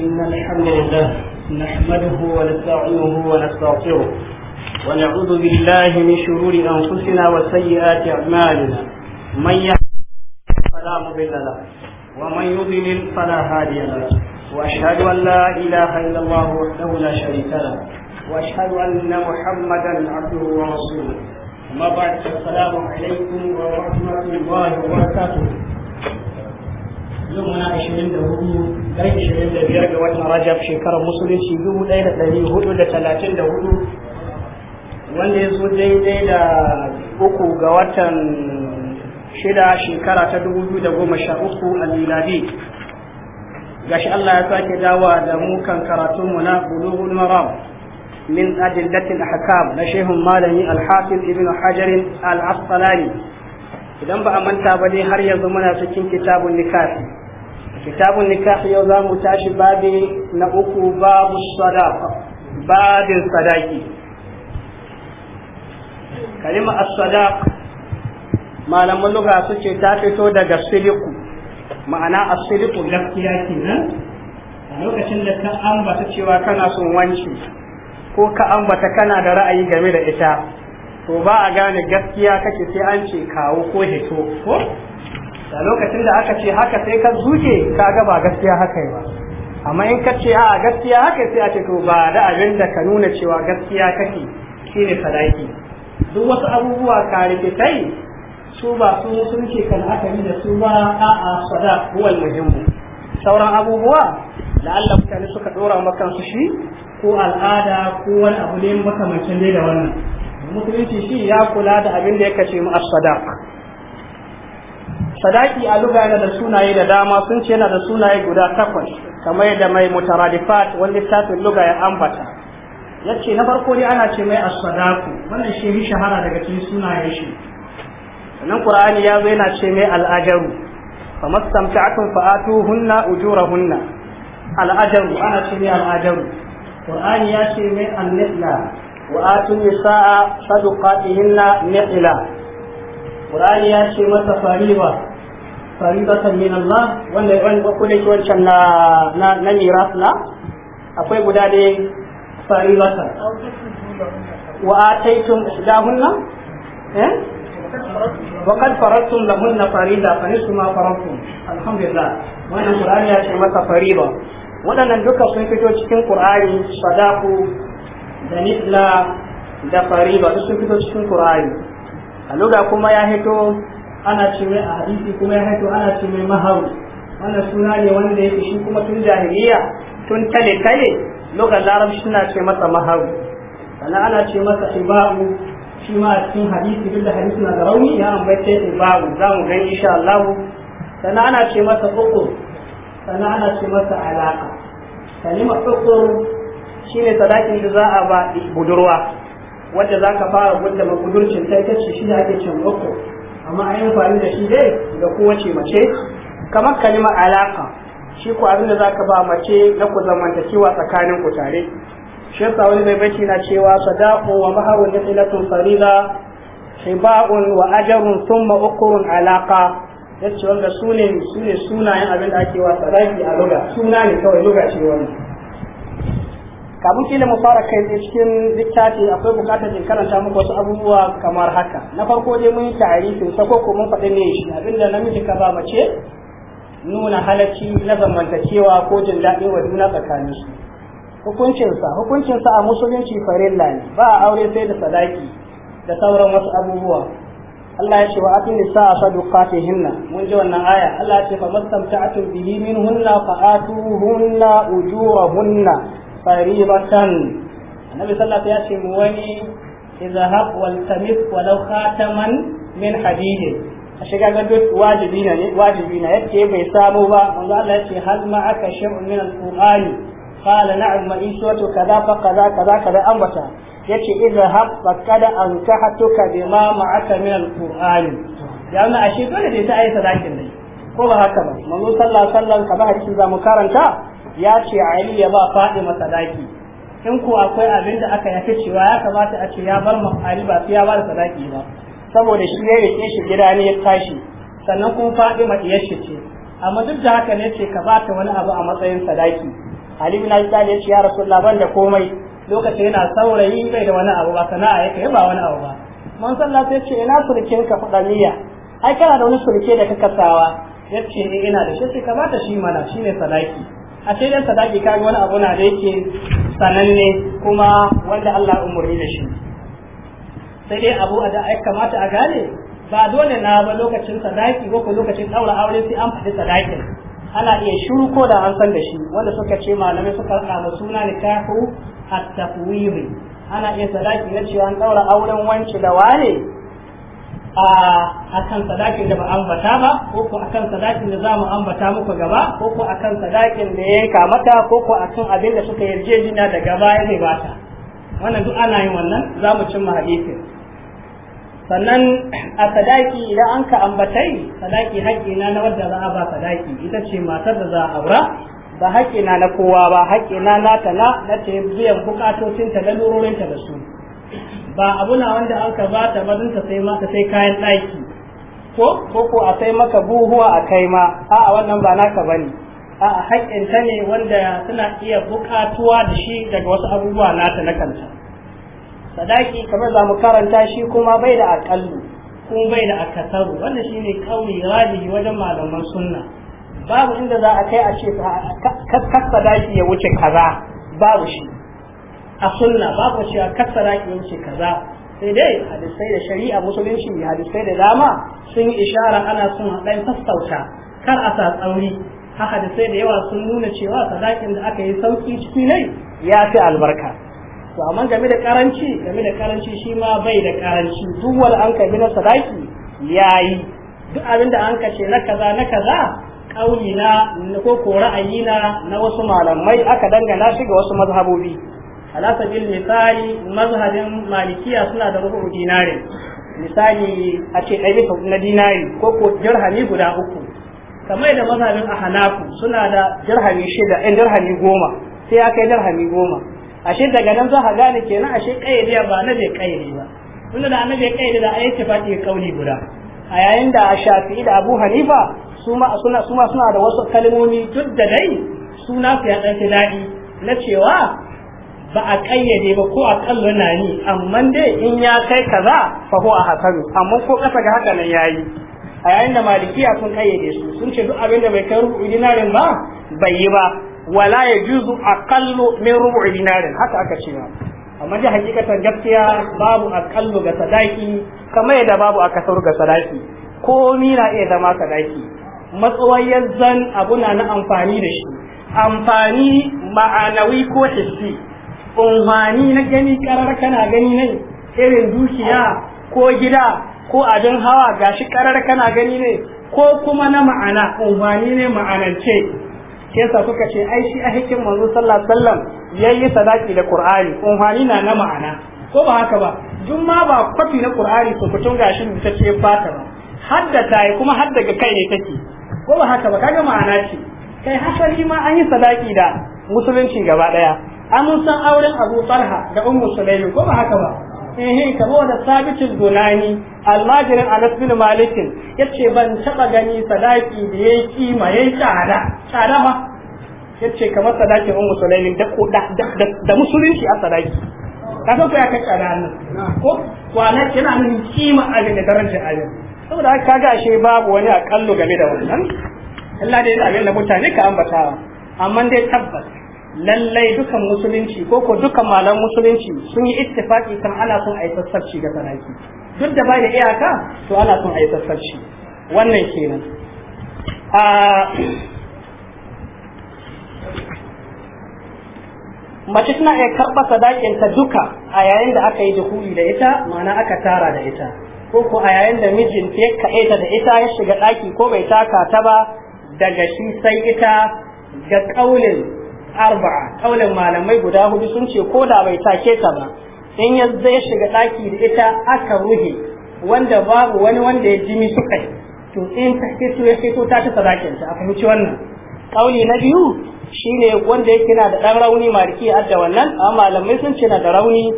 إن الحمد لله نحمده ونستعينه ونستغفره ونعوذ بالله من شرور أنفسنا وسيئات أعمالنا من يهده فلا مضل له ومن يضلل فلا هادي له وأشهد أن لا إله إلا الله وحده لا شريك له وأشهد أن محمدا عبده ورسوله ما بعد السلام عليكم ورحمة الله وبركاته yau muna ashirin da hudu ɗan ashirin da biyar ga watan rajab shekarar musulunci dubu ɗaya da ɗari hudu da talatin da hudu wanda ya zo daidai da uku ga watan shida shekara ta dubu biyu da goma sha uku a miladi gashi Allah ya sake dawa da mu kan karatunmu na bulughul maram min al ahkam na shehun malami al-hafiz ibn hajar al-asqalani idan ba a manta ba dai har yanzu muna cikin kitabun nikafi kitabun النكاح yau za mu tashi babi na uku babu sadaka babin sadaki kalima as-sadaq malaman lugha suke ta fito daga siliku ma'ana as-siliku gaskiya kenan a lokacin da ko ka ambata kana da ra'ayi game da ita to ba a gane gaskiya kake sai an ce kawo ko hito ko da lokacin da aka ce haka sai ka zuke ka ga ba gaskiya haka ba amma in ka ce a gaskiya haka sai a ce to ba da abin da ka nuna cewa gaskiya kake shine sadaki duk wasu abubuwa ka sai su ba su sun ce kan haka yi da su ba a'a sada huwal muhimmu sauran abubuwa da Allah mutane suka dora maka su shi ko al'ada ko wani abu ne makamancin dai da wannan musulunci shi ya kula da abin da ya kace mu as-sadaq sadaki a luga yana da sunaye da dama sun ce yana da sunaye guda takwas kamar yadda mai mutaradifat wani littafin luga ya ambata ya ce na farko ne ana ce mai a sadaku wannan shi yi shahara daga cikin sunaye shi sannan qur'ani ya zo yana ce mai al'ajaru. al-ajaru famastamta'atun hunna ujurahunna hunna. Al'ajaru ana ce mai al'ajaru. ajaru qur'ani ya ce mai an-nihla wa atun nisaa sadaqatihinna nihla Qur'ani ya ce masa fariwa faridata min Allah wanda wanda ko dai wancan na na na miras na akwai guda da faridata wa ataitum ihdahunna eh wa kad faradtum lahunna farida fa nisfu ma faradtum alhamdulillah wannan qur'ani ya ce maka fariba Wadannan duka sun fito cikin qur'ani sadaku da nisla da fariba duk sun fito cikin qur'ani a kuma ya hito ana ce mai a hadisi kuma ya haito ana ce mai maharu wannan suna ne wanda yake shi kuma tun jahiliya tun tale tale lokacin larabci suna ce masa maharu sannan ana ce masa ibabu shi ma a cikin hadisi duk da hadisi na da rauni ya ambace ibabu za mu gani insha Allah sannan ana ce masa ukur sannan ana ce masa alaka Kalima ukur shine sadakin da za a ba budurwa wadda za ka fara gudda budurcin ta ita ce shi ne ake cin ukur amma an yi amfani da shi dai ga kowace mace kamar kalimar alaka shi ku abin da za ka ba mace na ku zamantakewa tsakanin ku tare shi yasa wani bai bace na cewa sadaqu wa maharun nasilatun farida ba'un wa ajrun thumma ukurun alaqa yace wanda sunayen abin da ake wa sadaqi a luga suna ne kawai luga ce wani kamun kila mu fara kai ne cikin littafi akwai bukatar in karanta muku wasu abubuwa kamar haka na farko dai mun yi tarihin sako ko mun faɗi ne shi abinda namiji ka ba mace nuna halacci na zamantakewa ko jin daɗi wa juna tsakanin su hukuncinsa hukuncinsa a musulunci farilla ne ba a aure sai da sadaki da sauran wasu abubuwa Allah ya ce wa atin nisa a saduqatihinna mun ji wannan aya Allah ya ce fa mastamta'atun bihi minhunna fa atuhunna ujurahunna faribatan annabi sallallahu ya ce mu wani izhab wal tamis walau khataman min hadid a shiga ga duk wajibi na ne wajibi na yake bai samu ba manzo Allah ya ce hal ma aka shay'un min al-qur'ani qala na'am ma in shawtu kaza fa kaza kaza kaza ambata yace izhab fa kada an kahatuka bima ma'aka min al-qur'ani ya Allah ashe dole dai ta ayi sadakin ne ko ba haka ba manzo sallallahu alaihi wasallam kamar hadisi za mu karanta ya ce Ali ya ba faɗi ma sadaki in ko akwai abin da aka yafi cewa ya kamata a ce ya bar ma Ali ba sai ya ba sadaki ba saboda shi ya rike shi gida ne ya tashi sannan kuma faɗi diyar shi ce amma duk da haka ne ce ka ba ta wani abu a matsayin sadaki Ali bin Abi Talib ya ce ya Rasulullah ban da komai lokacin yana saurayi bai da wani abu ba sana'a yake ba wani abu ba man sallah sai ce ina surkin ka niyya ai kana da wani surke da kakasawa yace eh, ina da shi sai ka bata shi mana shi ne sadaki a sai dan sadaki kaga wani abu na da yake sananne kuma wanda Allah umurni da shi sai dai abu da ai kamata a gane ba dole na ba lokacin sadaki ko ko lokacin daura aure sai an faɗi sadakin ana iya shiru ko da an san da shi wanda suka ce malamai suka kama suna nikahu at-tafwid ana iya sadaki na cewa an daura auren wanci da wane a kan sadakin da ba ambata ba ko ko akan sadakin da za mu ambata muku gaba ko ko akan sadakin da ya kamata ko ko akan abin da suka jina da gaba ya ba bata wannan duk ana yin wannan za mu cimma hadisin sannan a sadaki idan an ka ambatai sadaki haƙƙi na na wadda za a ba sadaki ita ce matar da za a aura ba haƙƙi na na kowa ba haƙƙi na nata na na ta biyan bukatocinta da da su ba abu na wanda an ka ba ta ka sai maka sai kayan ɗaki ko ko ko a sai maka buhuwa a kai ma a'a wannan ba naka bane a'a haƙƙin ta ne wanda tana iya buƙatuwa da shi daga wasu abubuwa nata na kanta sadaki kamar za mu karanta shi kuma bai da aƙallu kuma bai da akasaru wannan shine kauli rajihi wajen malaman sunna babu inda za a kai a ce ka sadaki ya wuce kaza babu shi a sunna babu cewa kasara ki wuce kaza sai dai hadisai da shari'a musulunci hadisai da dama sun yi ishara ana sun haɗa sassauta kar a sa tsauri ha hadisai da yawa sun nuna cewa sadakin da aka yi sauki ciki ne ya fi albarka to amma game da karanci game da karanci shi ma bai da karanci duk wani an kai na sadaki yayi duk abinda an kace na kaza na kaza kauli na ko ko ra'ayi na na wasu malamai aka dangana shi ga wasu mazhabobi ala sabil misali mazhabin malikiya suna da rubu dinarin misali a ce ɗaya na dinari ko ko jirhami guda uku kamar da mazhabin ahnafu suna da jirhami shida ɗan eh, jirhami goma sai ya kai jirhami goma ashe daga nan za ka gane kenan ashe ƙayyade ba na bai ƙayyade ba tunda da na ya ƙayyade da yake fati kauli guda a yayin da a shafi da abu hanifa suma suna da wasu kalmomi duk da dai suna su ya ɗan daɗi na cewa ba a kayyade ba ko a kallo na ni amma dai in ya kai kaza fa a hasanu amma ko kasa ga haka nan yayi a yayin da malikiya sun kayyade su sun ce duk abin da bai kai rubu dinarin ba bai yi ba wala ya juzu aqallu min rubu dinarin haka aka ce ma amma dai hakikatan gaskiya babu aqallu ga sadaki kamar yadda babu akasar ga sadaki komi na iya zama sadaki matsuwar zan abu na na amfani da shi amfani ma'anawi ko hissi unhwani na gani karar kana gani ne irin dukiya ko gida ko abin hawa gashi karar kana gani ne ko kuma na ma'ana unhwani ne ma'anance ke sa kuka ce ai shi a hikin manzo sallallahu alaihi wasallam yayi sadaki da qur'ani unhwani na na ma'ana ko ba haka ba duk ma ba kwafi na qur'ani ko kutun gashi ce fata ba hadda ya kuma hadda ga kai ne take ko ba haka ba kaga ma'ana ce kai hasali ma an yi sadaki da musulunci gaba daya amun san auren abu farha da ummu sulaimi ko ba haka ba eh kabo da sabitin gunani almajirin anas bin malik yace ban taba gani sadaki da yayi kima yayi tsada tsada ba yace kamar sadakin ummu sulaimi da ko da da musulunci a sadaki ka san ko ya kace da nan ko wala kina nan kima a da darajar abin saboda haka kaga ashe babu wani akallu game da wannan Allah dai abin da mutane ka ambata amma dai tabbas lallai dukan musulunci ko ko dukan malam musulunci sun yi ittifaki kan ana son a yi sassarci ga sanaki duk da bai da iyaka to ana son a yi sassarci wannan kenan a mace tana iya karɓa sadakinta duka a yayin da aka yi dukuli da ita ma'ana aka tara da ita ko ko a yayin da mijinta ya kaɗaita da ita ya shiga ɗaki ko bai taka ta ba daga shi sai ita ga ƙaunin. arba'a kaulin malamai guda hudu sun ce ko da bai take ta ba in ya zai shiga daki da ita aka ruhe wanda babu wani wanda ya jimi su suka to in ta fito ya fito ta ta sadakin ta a fahimci wannan kauli na biyu shine wanda yake na da dan rauni mariki adda wannan amma malamai sun ce na da rauni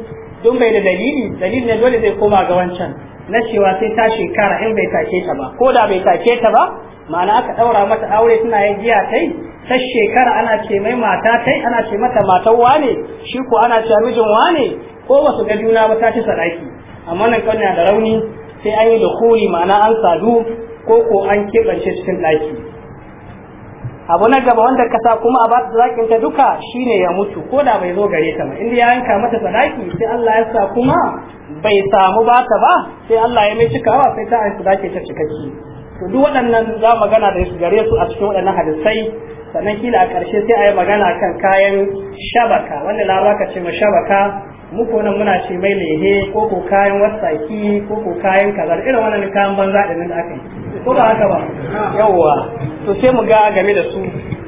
don bai da dalili dalili ne dole zai koma ga wancan na cewa sai ta shekara in bai take ta ba ko da bai take ta ba ma'ana aka ɗaura mata aure tana yin giya tai ta shekara ana ce mai mata kai ana ce mata matan wane shi ko ana ce mijin wane ko ba su ga juna ba ta ci sadaki amma nan kan da rauni sai an yi da kuli ma'ana an sadu ko ko an keɓance cikin ɗaki abu na gaba wanda ka sa kuma a bata zakin ta duka shine ya mutu ko da bai zo gare ta ba inda ya yanka mata sadaki sai Allah ya sa kuma bai samu ba ta ba sai Allah ya mai cikawa sai ta an sadaki ta cikakki to duk waɗannan za magana da su gare su a cikin waɗannan hadisai sannan kila a ƙarshe sai a yi magana kan kayan shabaka wanda na ka ce ma shabaka muku nan muna ce mai lehe ko ko kayan wasaki ko ko kayan kazar irin wannan kayan banza da nan da aka yi ko ba haka ba yawwa to sai mu ga game da su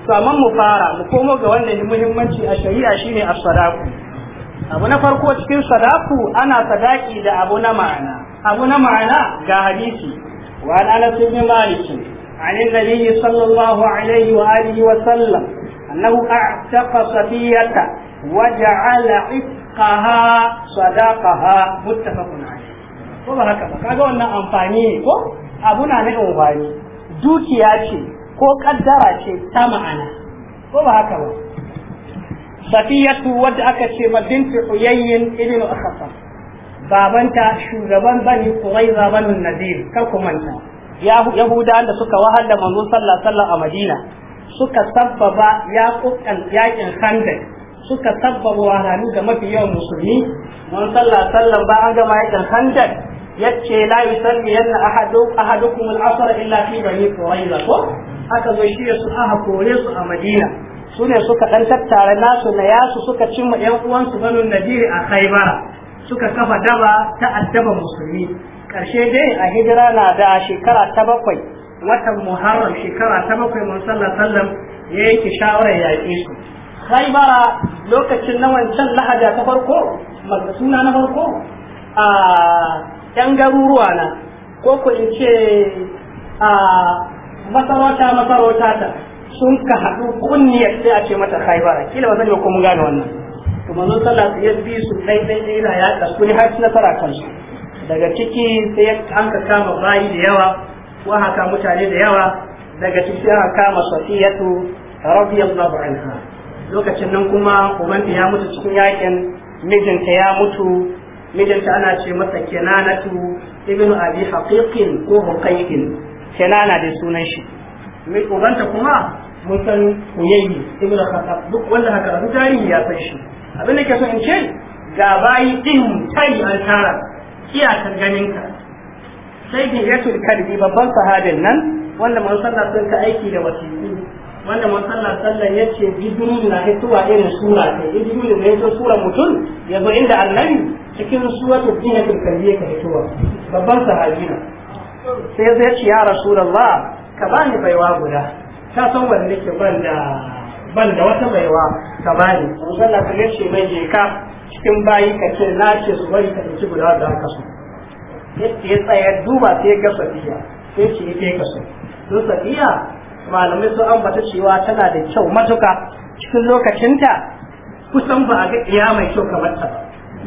to amma mu fara mu komo ga wanda muhimmanci a shari'a shine as-sadaqu abu na farko cikin sadaku ana sadaki da abu na ma'ana abu na ma'ana ga hadisi وعن انس بن مالك عن النبي صلى الله عليه واله وسلم انه اعتق صفيه وجعل عتقها صداقها متفق عليه ko ba haka ba kaga wannan amfani ne ko abu na na amfani dukiya ce ko kaddara ce ta ma'ana ko ba haka ba safiyatu wadda aka ce ma binti uyayyin ibn akhasam babanta shugaban bani Quraiza banu Nadir kar ku manta Yahudawan da suka da manzo sallallahu alaihi wasallam a Madina suka sabbaba yaƙukan yaƙin Khandaq suka sabbaba wahalhalu ga mafi yawan musulmi manzo sallallahu alaihi wasallam ba an gama yaƙin Khandaq yace la yusalli yanna ahadu ahadukum al-asr illa fi bani Quraiza ko aka zo shi su aka kore su a Madina su ne suka dan tattara nasu na yasu suka cimma ƴan uwansu banu Nadir a Khaibara suka kafa daba ta addaba musulmi karshe dai a hijira na da shekara ta bakwai watan muharram shekara ta bakwai mun sallar ya yanke shawarar yaƙe su khaibara lokacin na wancan lahada ta farko suna na farko a yan garuruwa na ko ku in ce a masarauta masarauta ta sun ka haɗu kunniyar sai a ce mata khaibara kila ba zan ba ko mun gane wannan manzon sallah ya bi su dai dai dai yana yaƙa su har nasara kansu daga ciki sai an ka kama bayi da yawa wa haka mutane da yawa daga ciki an kama safiyatu radiyallahu anha lokacin nan kuma ubanta ya mutu cikin yakin mijinta ya mutu mijinta ana ce masa kenanatu ibnu abi haqiqin ko huqaiqin kenana da sunan shi ubanta kuma mun san huyayyi ibnu khattab duk wanda haka tarihi ya san shi abin da ke so in ce ga bayi din kai an tara iyakar ganinka sai bin yatul kalbi babban sahabin nan wanda mun sun ka aiki da wasiƙi wanda mun sallah sallan yace jibril na hituwa irin sura ta jibril ne yato sura mutum zo inda annabi cikin suratul jinnatul kalbi ka hituwa babban sahabi na sai zai ce ya rasulullah ka bani baiwa guda ta san wanda nake ban da ban da wata baiwa ka bani manzo Allah ka shi mai je ka cikin bayi ka ce na ce su bari ka ci guda da aka so yace ya tsaya duba sai ga safiya sai ce yake ka so don safiya malamai sun ambata cewa tana da kyau matuka cikin lokacinta kusan ba a ga iya mai kyau kamar ta ba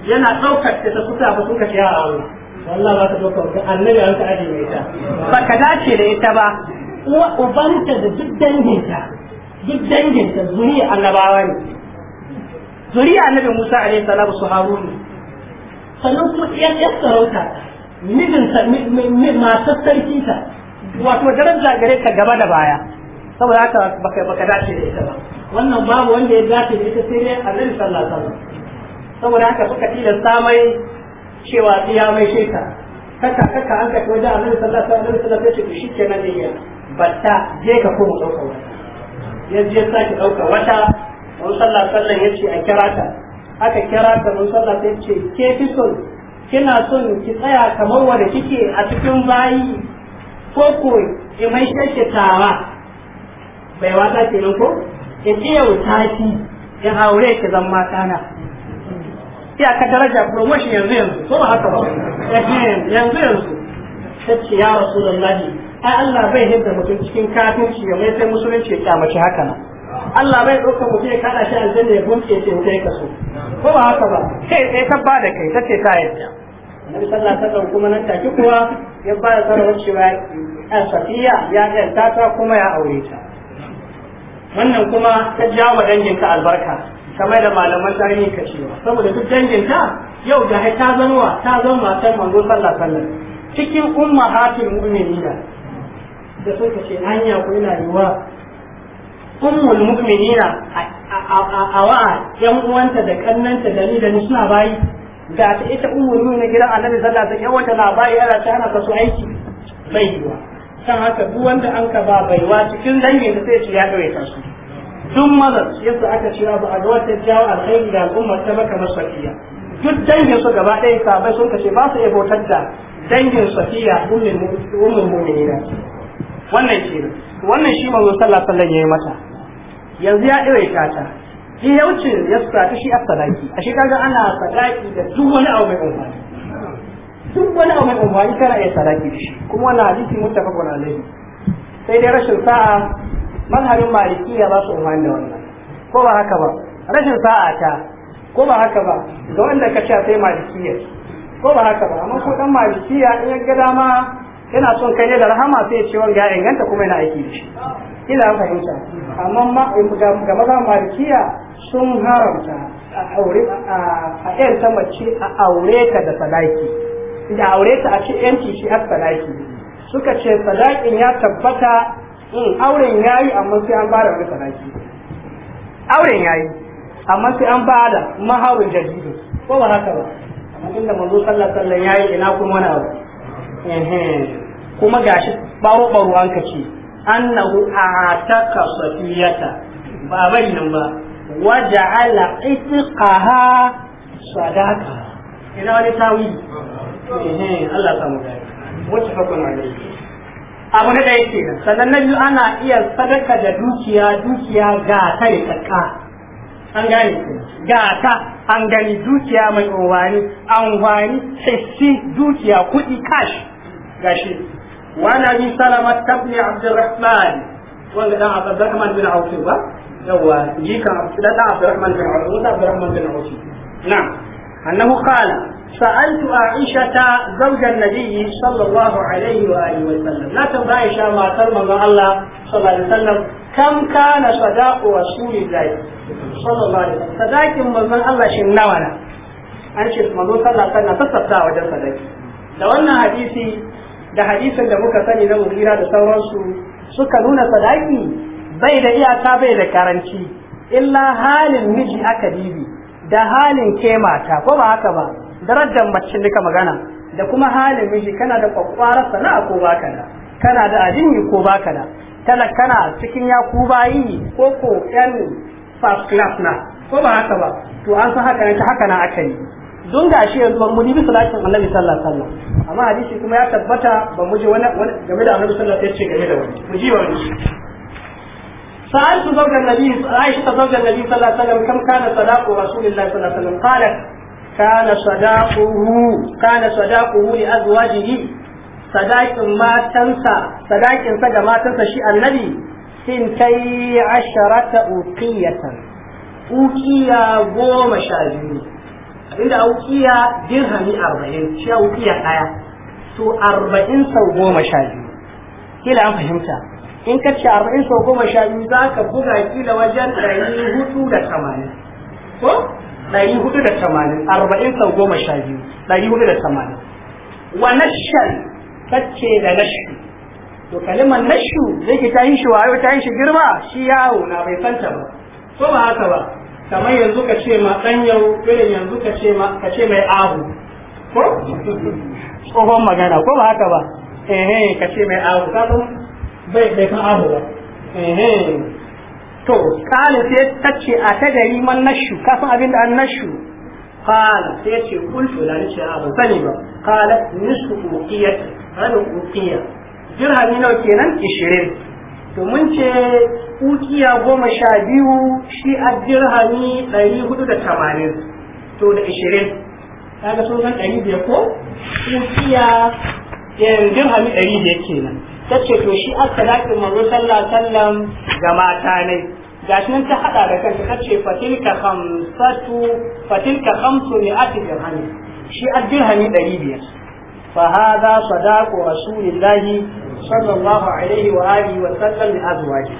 yana ɗaukar ta ta kusa ba sun ka ciya a Allah wallah ba ka ɗaukar ta annabi an ka ajiye ta ba ka dace da ita ba uwa ubanta da duk danginta duk danginta zuriya annabawa ne zuriya annabi Musa alaihi salatu su Harun sannan kuma iyan ya sarauta mijinta masu sarki ta wato daraja gare ka gaba da baya saboda haka baka baka dace da ita ba wannan babu wanda ya dace da ita sai dai annabi sallallahu alaihi wasallam saboda haka suka tilasta samai cewa tsiya mai sheka kaka kaka an ka wajen annabi sallallahu alaihi wasallam sai ce shi kenan ne ya batta je ka koma dauka wannan ya je sake ɗauka wata mun sallah sallan ya ce a kira ta aka kira ta mun sallah sai ce ke fi son kina son ki tsaya kamar wanda kike a cikin bayi ko ko ki mai shashe tawa bai wata nan ko ya ce yau tashi ya aure ki zan mata na ki aka daraja promotion yanzu yanzu ko ba haka ba eh, yanzu yanzu ta ce ya rasulullahi ai Allah bai yadda mutum cikin kafirci ya mai sai musulunci ya kyamaci haka nan Allah bai ɗauka mutum ya kada shi aljanna ya bunke ce wuta ya kaso ko ba haka ba sai tsaye ta ba da kai ta ce ta yadda Annabi sallallahu alaihi wasallam kuma nan take kuwa ya ba da sarrafa cewa a safiya ya ɗanta ta kuma ya aure ta wannan kuma ta jawo danginta albarka kamar da malaman tarihi ka wa saboda duk danginta yau da ta zanwa ta zama matar manzo sallallahu Cikin wasallam cikin ummahatul mu'minina da suka ka ce hanya ko yana wa, ummul mu'minina a wa yan uwanta da kannanta da ni da ni suna bayi da ta ita ummul mu'minina gidan annabi sallallahu alaihi wasallam wata na bayi ana ta hana ka su aiki bai wa, kan haka duk wanda an ka ba baiwa cikin dangin da sai ya ɗaure ta su duk mazan yadda aka cewa ba a ga wata jawo alkhairi da al'ummar ta baka masafiya duk dangin su gaba ɗaya sabai sun kace ba su iya bautar da dangin safiya ummul mu'minina wannan kenan wannan shi manzo sallallahu alaihi wasallam yayi mata yanzu ya dire ta ta shi ya wuce ya sa ta shi asalaki a shi kaga ana sadaki da duk wani abu mai umfani duk wani abu mai umfani kana iya sadaki da shi kuma wannan hadisi muttafaqun alaihi sai dai rashin sa'a mazhabin malikiya ba su umarni da wannan ko ba haka ba rashin sa'a ta ko ba haka ba ga wanda ka ce sai malikiya ko ba haka ba amma ko dan malikiya in ya ga dama yana son kai ne da rahama sai ce wanga ya inganta kuma yana aiki da shi ina fahimta amma ga maza malikiya sun haramta a aure a yan ta mace a aure ta da salaki da aure ta a ce yanci shi har salaki suka ce salakin ya tabbata in hmm, auren yayi amma sai an bada wani salaki auren yayi amma sai an bada mahawin jaridu. ko ba haka ba amma inda manzo sallallahu alaihi wasallam yayi ina kuma wani abu kuma gashi baro baro an kace annahu ataka safiyata ba bai nan ba waja'ala itqaha sadaka. ina wani tawi eh Allah ta mu dai wacce fa kuma dai abu ne da yake sannan na biyu ana iya sadaka da dukiya dukiya ga kai kakka an gane gata an gani dukiya mai unwani anwani hissi dukiya kudi cash gashi wana bi salama tabni abdurrahman wanda dan abdurrahman bin auf ba yawa jika da abdurrahman bin auf wanda abdurrahman bin auf na annahu qala سألت عائشة زوج النبي صلى الله عليه وآله wa لا تنظر عائشة ما ترمى الله صلى الله عليه وسلم كم كان صداق رسول الله sadakin manzon Allah shi nawa an ce sallallahu alaihi sassafta wajen sadaki da wannan hadisi da hadisin da muka sani na mugira da sauransu suka nuna sadaki bai da iyaka bai da karanci illa halin miji aka dibi da halin ke mata ko ba haka ba darajar mace duka magana da kuma halin miji kana da kwakwara sana'a ko baka da kana da yi ko baka da talakana cikin ya ku bayi ko ko yan first class na ko ba haka ba to an san haka ta haka na aka yi don ga shi yanzu ban muni bi salatin annabi sallallahu alaihi wasallam amma hadisi kuma ya tabbata ba mu ji wani game da annabi sallallahu alaihi wasallam ya ce game da wani mu ji ba mu ji سألت زوج النبي عائشة زوج النبي صلى الله عليه وسلم كم كان صداق رسول الله صلى الله عليه وسلم قالت كان صداقه sadakin matansa sadakin sa ga matansa shi annabi sintai asharata uqiyatan uqiya goma sha biyu inda uqiya dirhami arba'in shi uqiya ɗaya to arba'in sau goma sha biyu kila an fahimta in ka ce arba'in sau goma sha biyu za ka buga kila wajen ɗari hudu da tamanin ko ɗari hudu da tamanin arba'in sau goma sha biyu ɗari hudu da tamanin wa nashan kacce da nashan to kalimar nashu zai ke ta yi shi wayo ta yi shi girma shi yawo na bai santa ba ko ba haka ba kamar yanzu ka ce ma dan yau irin yanzu ka ce ma ka ce mai ahu ko tsohon magana ko ba haka ba eh eh ka ce mai ahu ka san bai bai san ahu ba eh to kala sai ta ce a ta gari man nashu ka san abin da an nashu kala sai ce kullu la ni ce a sani ba kala nisku uqiyat rabin uqiyat dirhami nawa kenan ishirin to mun ce ukiya goma sha biyu shi a dirhami ɗari hudu da tamanin to da ishirin kaga sun san ɗari biyar ko ukiya yan eh, dirhami ɗari biyar kenan ta ce to shi aka daƙi manzo sallallahu alaihi wasallam ga mata ne gashi nan ta hada da kanta ta ce fatilka hamsatu fatilka khamsu ne ati dirhami shi a dirhami ɗari fa hada sadaqu rasulillahi sallallahu alaihi wa alihi wa sallam li azwaji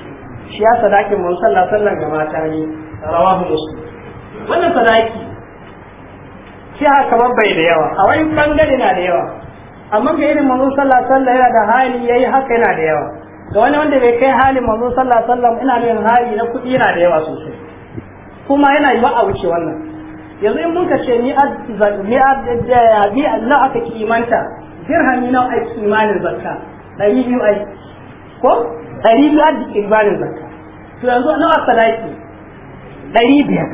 shi ya sadakin mun sallah sallan ga mata ne rawahu muslim wannan sadaki shi haka kamar bai da yawa a wani bangare na da yawa amma ga irin manzon sallah sallah yana da hali yayi haka yana da yawa ga wani wanda bai kai halin manzon sallah sallah ina ne hali na kudi yana da yawa sosai kuma yana yi a wuce wannan yanzu in muka ce ni ni na aka kimanta dirhami nawa ake imanin zakka ɗari biyu ai ko ɗari biyu a jikin barin zakka to yanzu nawa sadaki ɗari biyar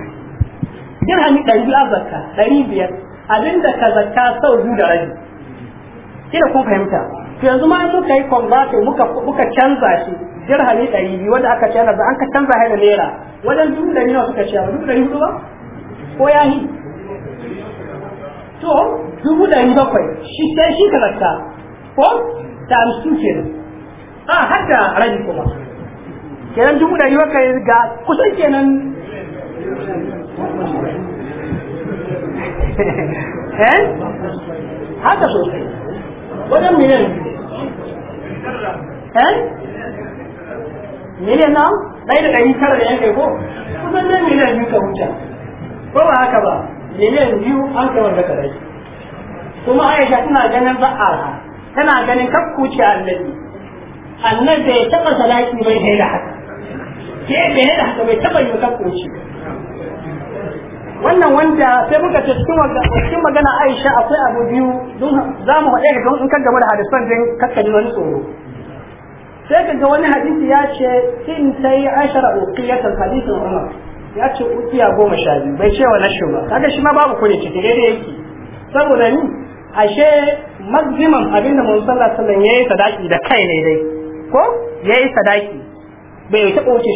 dirhami ɗari biyu a zakka ɗari biyar abinda ka zakka sau biyu da rabi kina kun fahimta to yanzu ma so yi converting muka muka canza shi dirhami ɗari biyu wanda aka ce da an ka canza hai da naira wajen dubu ɗari nawa suka ce dubu ɗari hudu ba ko ya yi to dubu ɗari bakwai shi sai shi ka zakka ko amsu hamsin kenan a hadda rabi kuma kenan dubu ɗari kai ga kusan kenan eh haka sosai wajen miliyan eh miliyan na ɗaya da ɗari tara da yankai ko kusan ne miliyan biyu ka huta ko ba haka ba miliyan biyu an kai wanda ka rai kuma aisha tana ganin za a tana ganin kakkuci annabi annabi bai taɓa salati bai kai da haka ke bai da haka bai taɓa yin kakkuci wannan wanda sai muka ce cikin magana Aisha akwai abu biyu za mu haɗe ga in ka gaba da hadisan din kakkani wani tsoro sai ka ga wani hadisi ya ce kin sai ashara uqiyatan hadisin Umar ya ce uqiya goma sha biyu bai ce wa nashu ba kaga shi ma babu kure ciki daidai yake saboda ni ashe maximum abinda mun sallallahu alaihi wasallam yayi sadaki da kai ne dai ko yayi sadaki bai taɓa wuce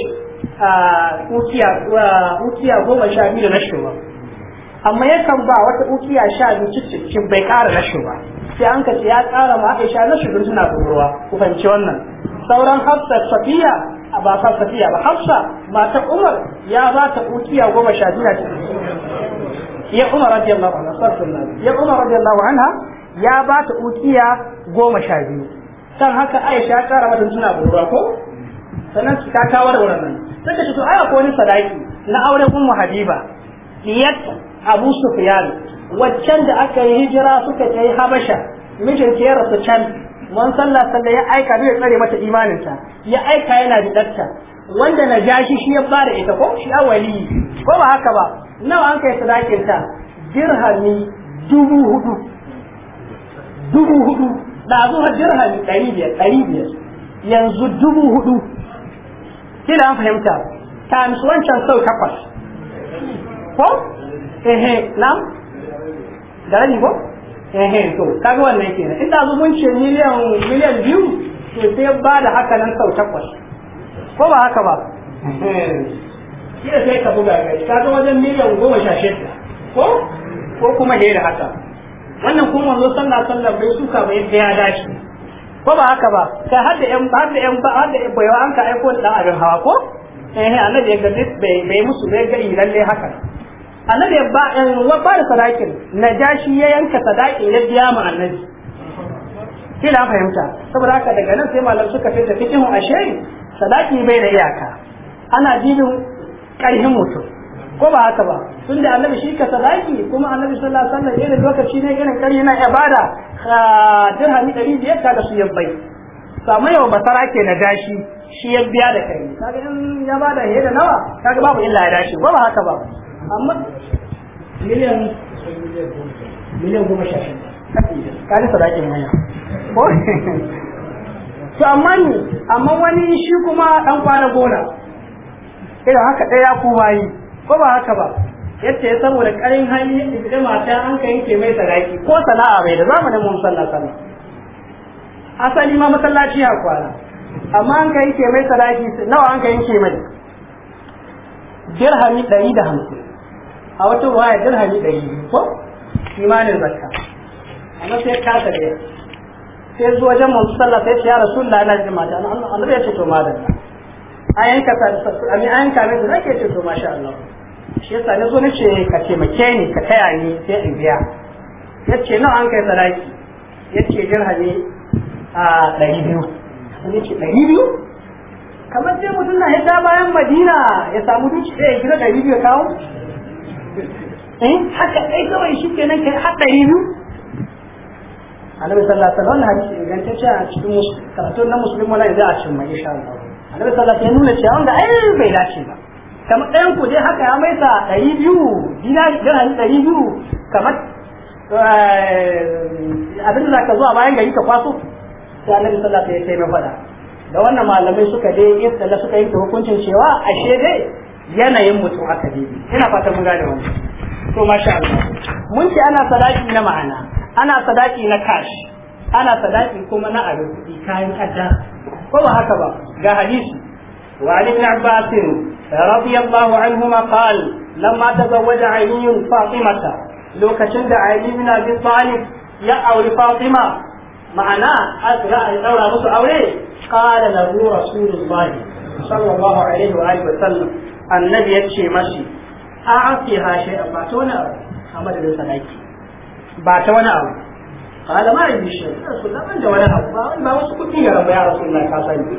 a ukiya goma sha biyu da rashin ba amma yakan ba wata ukiya sha biyu cikin bai ƙara rashin ba sai an ka ya ƙara ma aka sha rashin don suna tsoruwa ku fahimci wannan sauran hafsa safiya a ba safiya ba hafsa mata umar ya ba ta ukiya goma sha biyu ya Umar radiyallahu anha sallallahu ya Umar radiyallahu anha ya ba ta ukiya goma sha biyu san haka Aisha ta rama tun suna gura ko sannan ta kawar da wannan sai ta fito to ai akwai wani sadaki na auren Ummu Habiba diyat Abu Sufyan waccan da aka yi hijira suka kai Habasha mijin ya rasu can mun sallah sallah ya aika bai tsare mata imaninta ya aika yana da bidarta wanda na jashi shi ya bada ita ko shi awali ko ba haka ba nawa an kai sadakin ta dirhami dubu hudu dubu hudu da zuwa dirhami ɗari biyar ɗari biyar yanzu dubu hudu kina an fahimta times wancan sau takwas ko ehe na da rani ko ehe to kaga wannan kenan in da mun ce miliyan miliyan biyu to sai ba da haka nan sau takwas ko ba haka ba kila sai ka buga gari ga wajen miliyan goma sha shida ko ko kuma da haka wannan kuma manzo sallallahu alaihi wasallam bai suka bai da ya dace ko ba haka ba kai har da yan har da yan har da bayawa an ka aiko da abin hawa ko eh annabi ya gani bai bai musu bai ga lalle haka annabi ba in eh, wa ba da sadakin najashi ya yanka sadaki ya biya mu annabi na fahimta saboda haka daga nan sai malam suka fita cikin ashe sadaki bai da iyaka ana jibin ƙarfin mutum ko ba haka ba tun da annabi shi ka sadaki kuma annabi sallallahu alaihi wasallam irin lokaci ne irin ƙarfi na ibada dirhami ɗari biyar kaga su yabbai samu yau basara ke na dashi shi ya biya da kai kaga in ya bada he da nawa kaga babu illa ya dashi ko ba haka ba amma miliyan miliyan goma sha shida kaga sadakin hanya ko to amma ni amma wani shi kuma dan kwana gona irin haka ɗaya ku yi ko ba haka ba yadda yace saboda ƙarin hali yadda da mata an ka yanke mai saraki ko sana'a bai da zamanin mun sallah sallah asali ma masallaci ya kwana amma an ka yanke mai saraki nawa an ka yanke mai dirhami ɗari da hamsin a wata waya dirhami ɗari ko imanin zakka amma sai kasa da sai zuwa wajen mun sallah sai ya rasu na jin mata annabi ya ce to madalla an yanka su an zai ke ce to masha Allah shi yasa na zo na ce ka taimake ni ka taya ni sai in biya ya ce nawa an kai sadaki ya ce jirhami a ɗari biyu ya ce ɗari biyu kamar sai mutum na hita bayan madina ya samu duki ɗaya ya ɗari biyu kawo eh haka ɗai kawai shi ke nan kai har ɗari biyu annabi sallallahu alaihi wasallam wannan hadisi ingantacce a cikin karatun na musulmi wala idan a cin mai insha Allah annabi sallallahu alaihi nuna cewa wanda ai bai dace ba kamar ɗayan ku dai haka ya mai ɗari biyu dina dirhami ɗari biyu kamar eh, abin da zaka zuwa bayan gari ka kwaso sai annabi sallallahu alaihi wasallam ya faɗa da wannan malamai suka dai yadda suka yi ta hukuncin cewa ashe dai yanayin mutum aka dai ina fatan mun gane wannan to masha Allah mun ce ana sadaki na ma'ana ana sadaki na kashi ana sadaki kuma na abin kuɗi kayan adda ko ba haka ba ga hadisi wa ali ibn abbas radiyallahu anhuma qal lamma tazawwaja ali fatimata lokacin da ali ibn abi talib ya auri fatima ma'ana azra ya daura musu aure qala lahu rasulullah sallallahu alaihi wa alihi wa sallam annabi yace mashi a'afiha shay'an ba ta wani abu a madadin sadaki ba ta wani abu قال ما عندي شيء رسول الله عنده ولا حق ما وش كنت يا رب يا رسول الله كاسني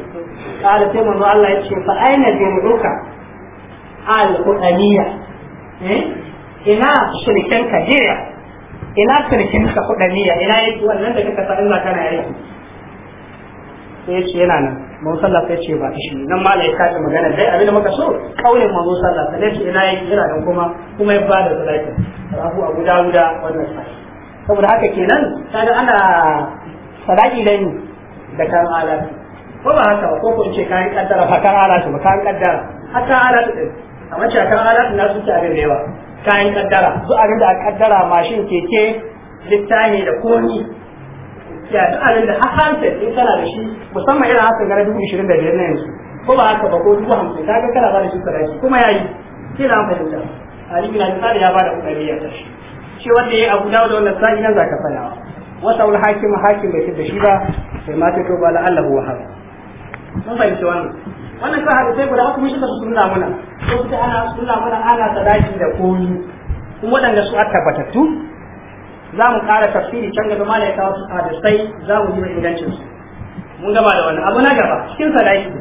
قال تيم الله الله يتشي فأين درعك القرآنية ina shirken ka jiya ina shirken ka kudaniya ina yake wannan da kaka yace yana nan mun sai ce ba shi nan ma ta magana dai abin da muka so kaulin mu sallah ta yace ina yake yana nan kuma kuma ya bada salati rahu abu wannan sai saboda haka kenan kaga ana sadaki da ni da kan alatu ko ba haka ko ko ce kayan kaddara fa kan alatu ba kan kaddara hatta alatu din amma cewa kan alatu na su ci abin da yawa kayan kaddara su a da a kaddara mashin keke littafi da komi ya duk abin da hakan sai in kana da shi musamman irin hakan gara dubu ishirin da biyar na yanzu ko ba haka ba ko dubu hamsin kaga kana ba da shi sadaki kuma yayi kila an fahimta Ali bin Abi Talib ya da kokari ya tashi shi wanda ya abu dawo da wannan sa'i nan zaka fada wata ul hakim hakim bai da shi ba sai ma ta toba la Allah wa haka mun fahimci wannan wannan sa hadisai guda uku mun shi su sunna muna ko ta ana sunna muna ana sadaki da komi kuma waɗanda su aka batattu za mu ƙara tafsiri can gaba malai ta wasu hadisai za mu yi ingancin su mun gaba da wannan abu na gaba cikin sadaki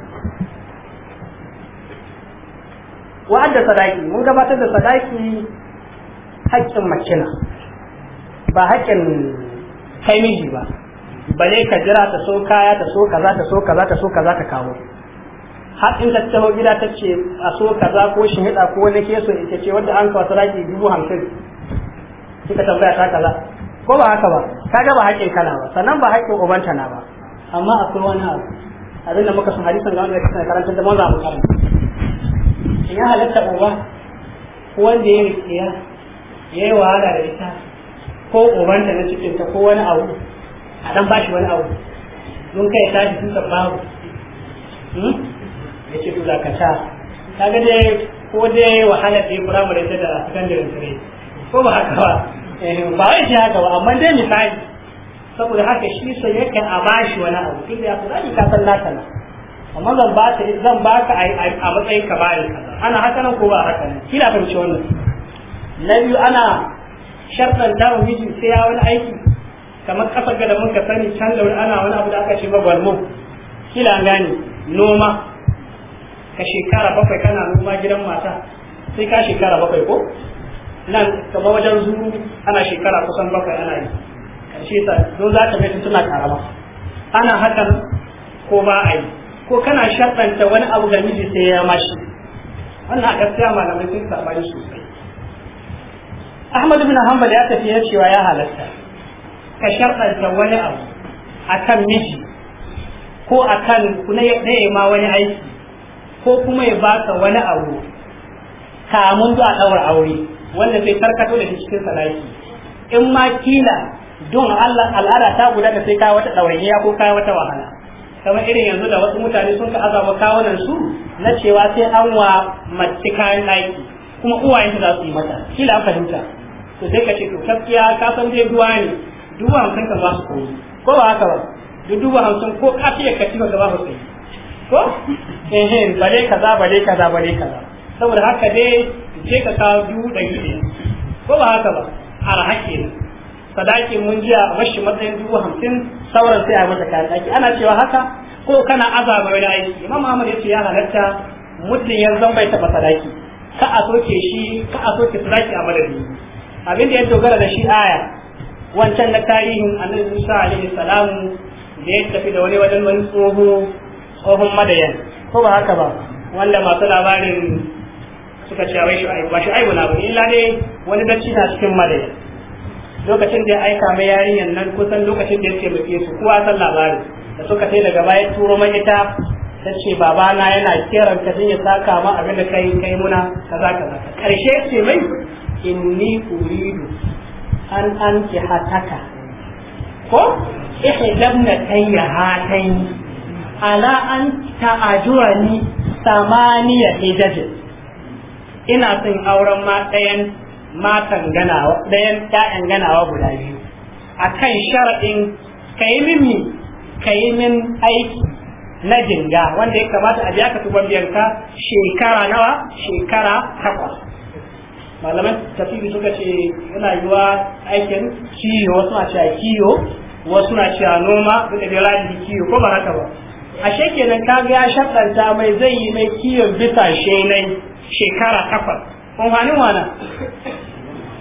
wa'adda sadaki mun gabatar da sadaki haƙƙin makina ba haƙƙin kai ba bale ka jira ta so kaya ta so kaza ta so kaza ta so kaza ka kawo har in ta taho gida ta ce a so kaza ko shi hida ko wani ke so ita ce wanda an kawo saraki dubu hamsin kika tambaya ta kaza ko ba haka ba ga ba haƙƙin kana ba sannan ba haƙƙin ubanta na ba amma akwai wani abu abin da muka san hadisan ga wanda kake karanta da maza mu In ya halatta uba wanda ya rikiya ya yi wahala da ita ko ubanta na cikin ta ko wani abu a dan bashi wani abu don kai tashi tun da babu hmm? ya ce tula ka sha ta ga dai ko dai wahala da ya firamare ta da sakandare tare ko ba haka ba eh, ba wai shi haka ba amma dai misali saboda haka shi so yake a bashi wani abu tun da ya kula ka san lata na amma zan ba ka a matsayin ka bayan ana haka nan ko ba haka nan kila fahimci wannan na biyu ana sharɗan ta mijin sai ya wani aiki kamar ƙasar ga da muka sani can da wani ana wani abu da aka ce gwalmo kila gani noma ka shekara bakwai kana noma gidan mata sai ka shekara bakwai ko nan kamar wajen zuru ana shekara kusan bakwai ana yi karshe ta zo za ta mutu suna karama ana hakan ko ba a yi ko kana shaɗanta wani abu ga miji sai ya mashi wannan a gaskiya malamai sun saba sosai Ahmad bin Hanbal ya tafi ya cewa ya halatta ka sharɗanta wani abu a kan miji ko a kan kuna ya ma wani aiki ko kuma ya ba ka wani abu kamun zuwa ɗaura aure wanda sai karkato da cikin salaki in ma kila don al'ada ta guda da sai ka wata ɗaurayya ko ka wata wahala kamar irin yanzu da wasu mutane sun ka azaba kawunan su na cewa sai an wa mace kayan aiki kuma uwayen za su yi mata kila an fahimta to sai ka ce to gaskiya ka san dai duwa ne duba hamsin ka ba su koyi ko ba haka ba duk duba hamsin ko kafiyar ka ci ba ba su koyi ko eh bale kaza bale kaza bale kaza saboda haka dai je ka kawo dubu ɗari ne ko ba haka ba arha ne sadaki mun jiya a bashi matsayin dubu hamsin sauran sai a mata kayan ɗaki ana cewa haka ko kana azaba wani aiki imam ahmad yace ya halatta muddin yanzu bai taɓa sadaki ka a soke shi ka a soke sadaki a madadin abin da ya dogara da shi aya wancan na tarihin annabi Musa alaihi salamu da ya tafi da wani wajen wani tsoho tsohon madayan ko ba haka ba wanda masu labarin suka ce wai shu'aibu ba shu'aibu na ba illa dai wani dacci na cikin madayan lokacin da ya aika mai yarinyar nan kusan lokacin da ya ce su kowa san labarin da suka sai daga baya turo mai ita ta ce babana yana kiran ka ya saka ma abin da kai kai muna kaza kaza karshe ce mai inni uridu an anki hataka ko ihdabna tayya hatayn ala an ta'ajurani samaniya hijaj ina son auren ma ɗayan matan ganawa ɗayan ƴaƴan ganawa guda biyu akan sharaɗin kayi min min aiki na jinga wanda ya kamata a biya ka tuban biyanka shekara nawa shekara takwas malaman tafsiri suka ce yana yiwa aikin kiyo wasu na cewa kiyo wasu na cewa noma duka da kiyo ko ba haka ba ashe kenan ka ga ya shaddanta mai zai yi mai kiyon bisa shenai shekara takwas amfanin wana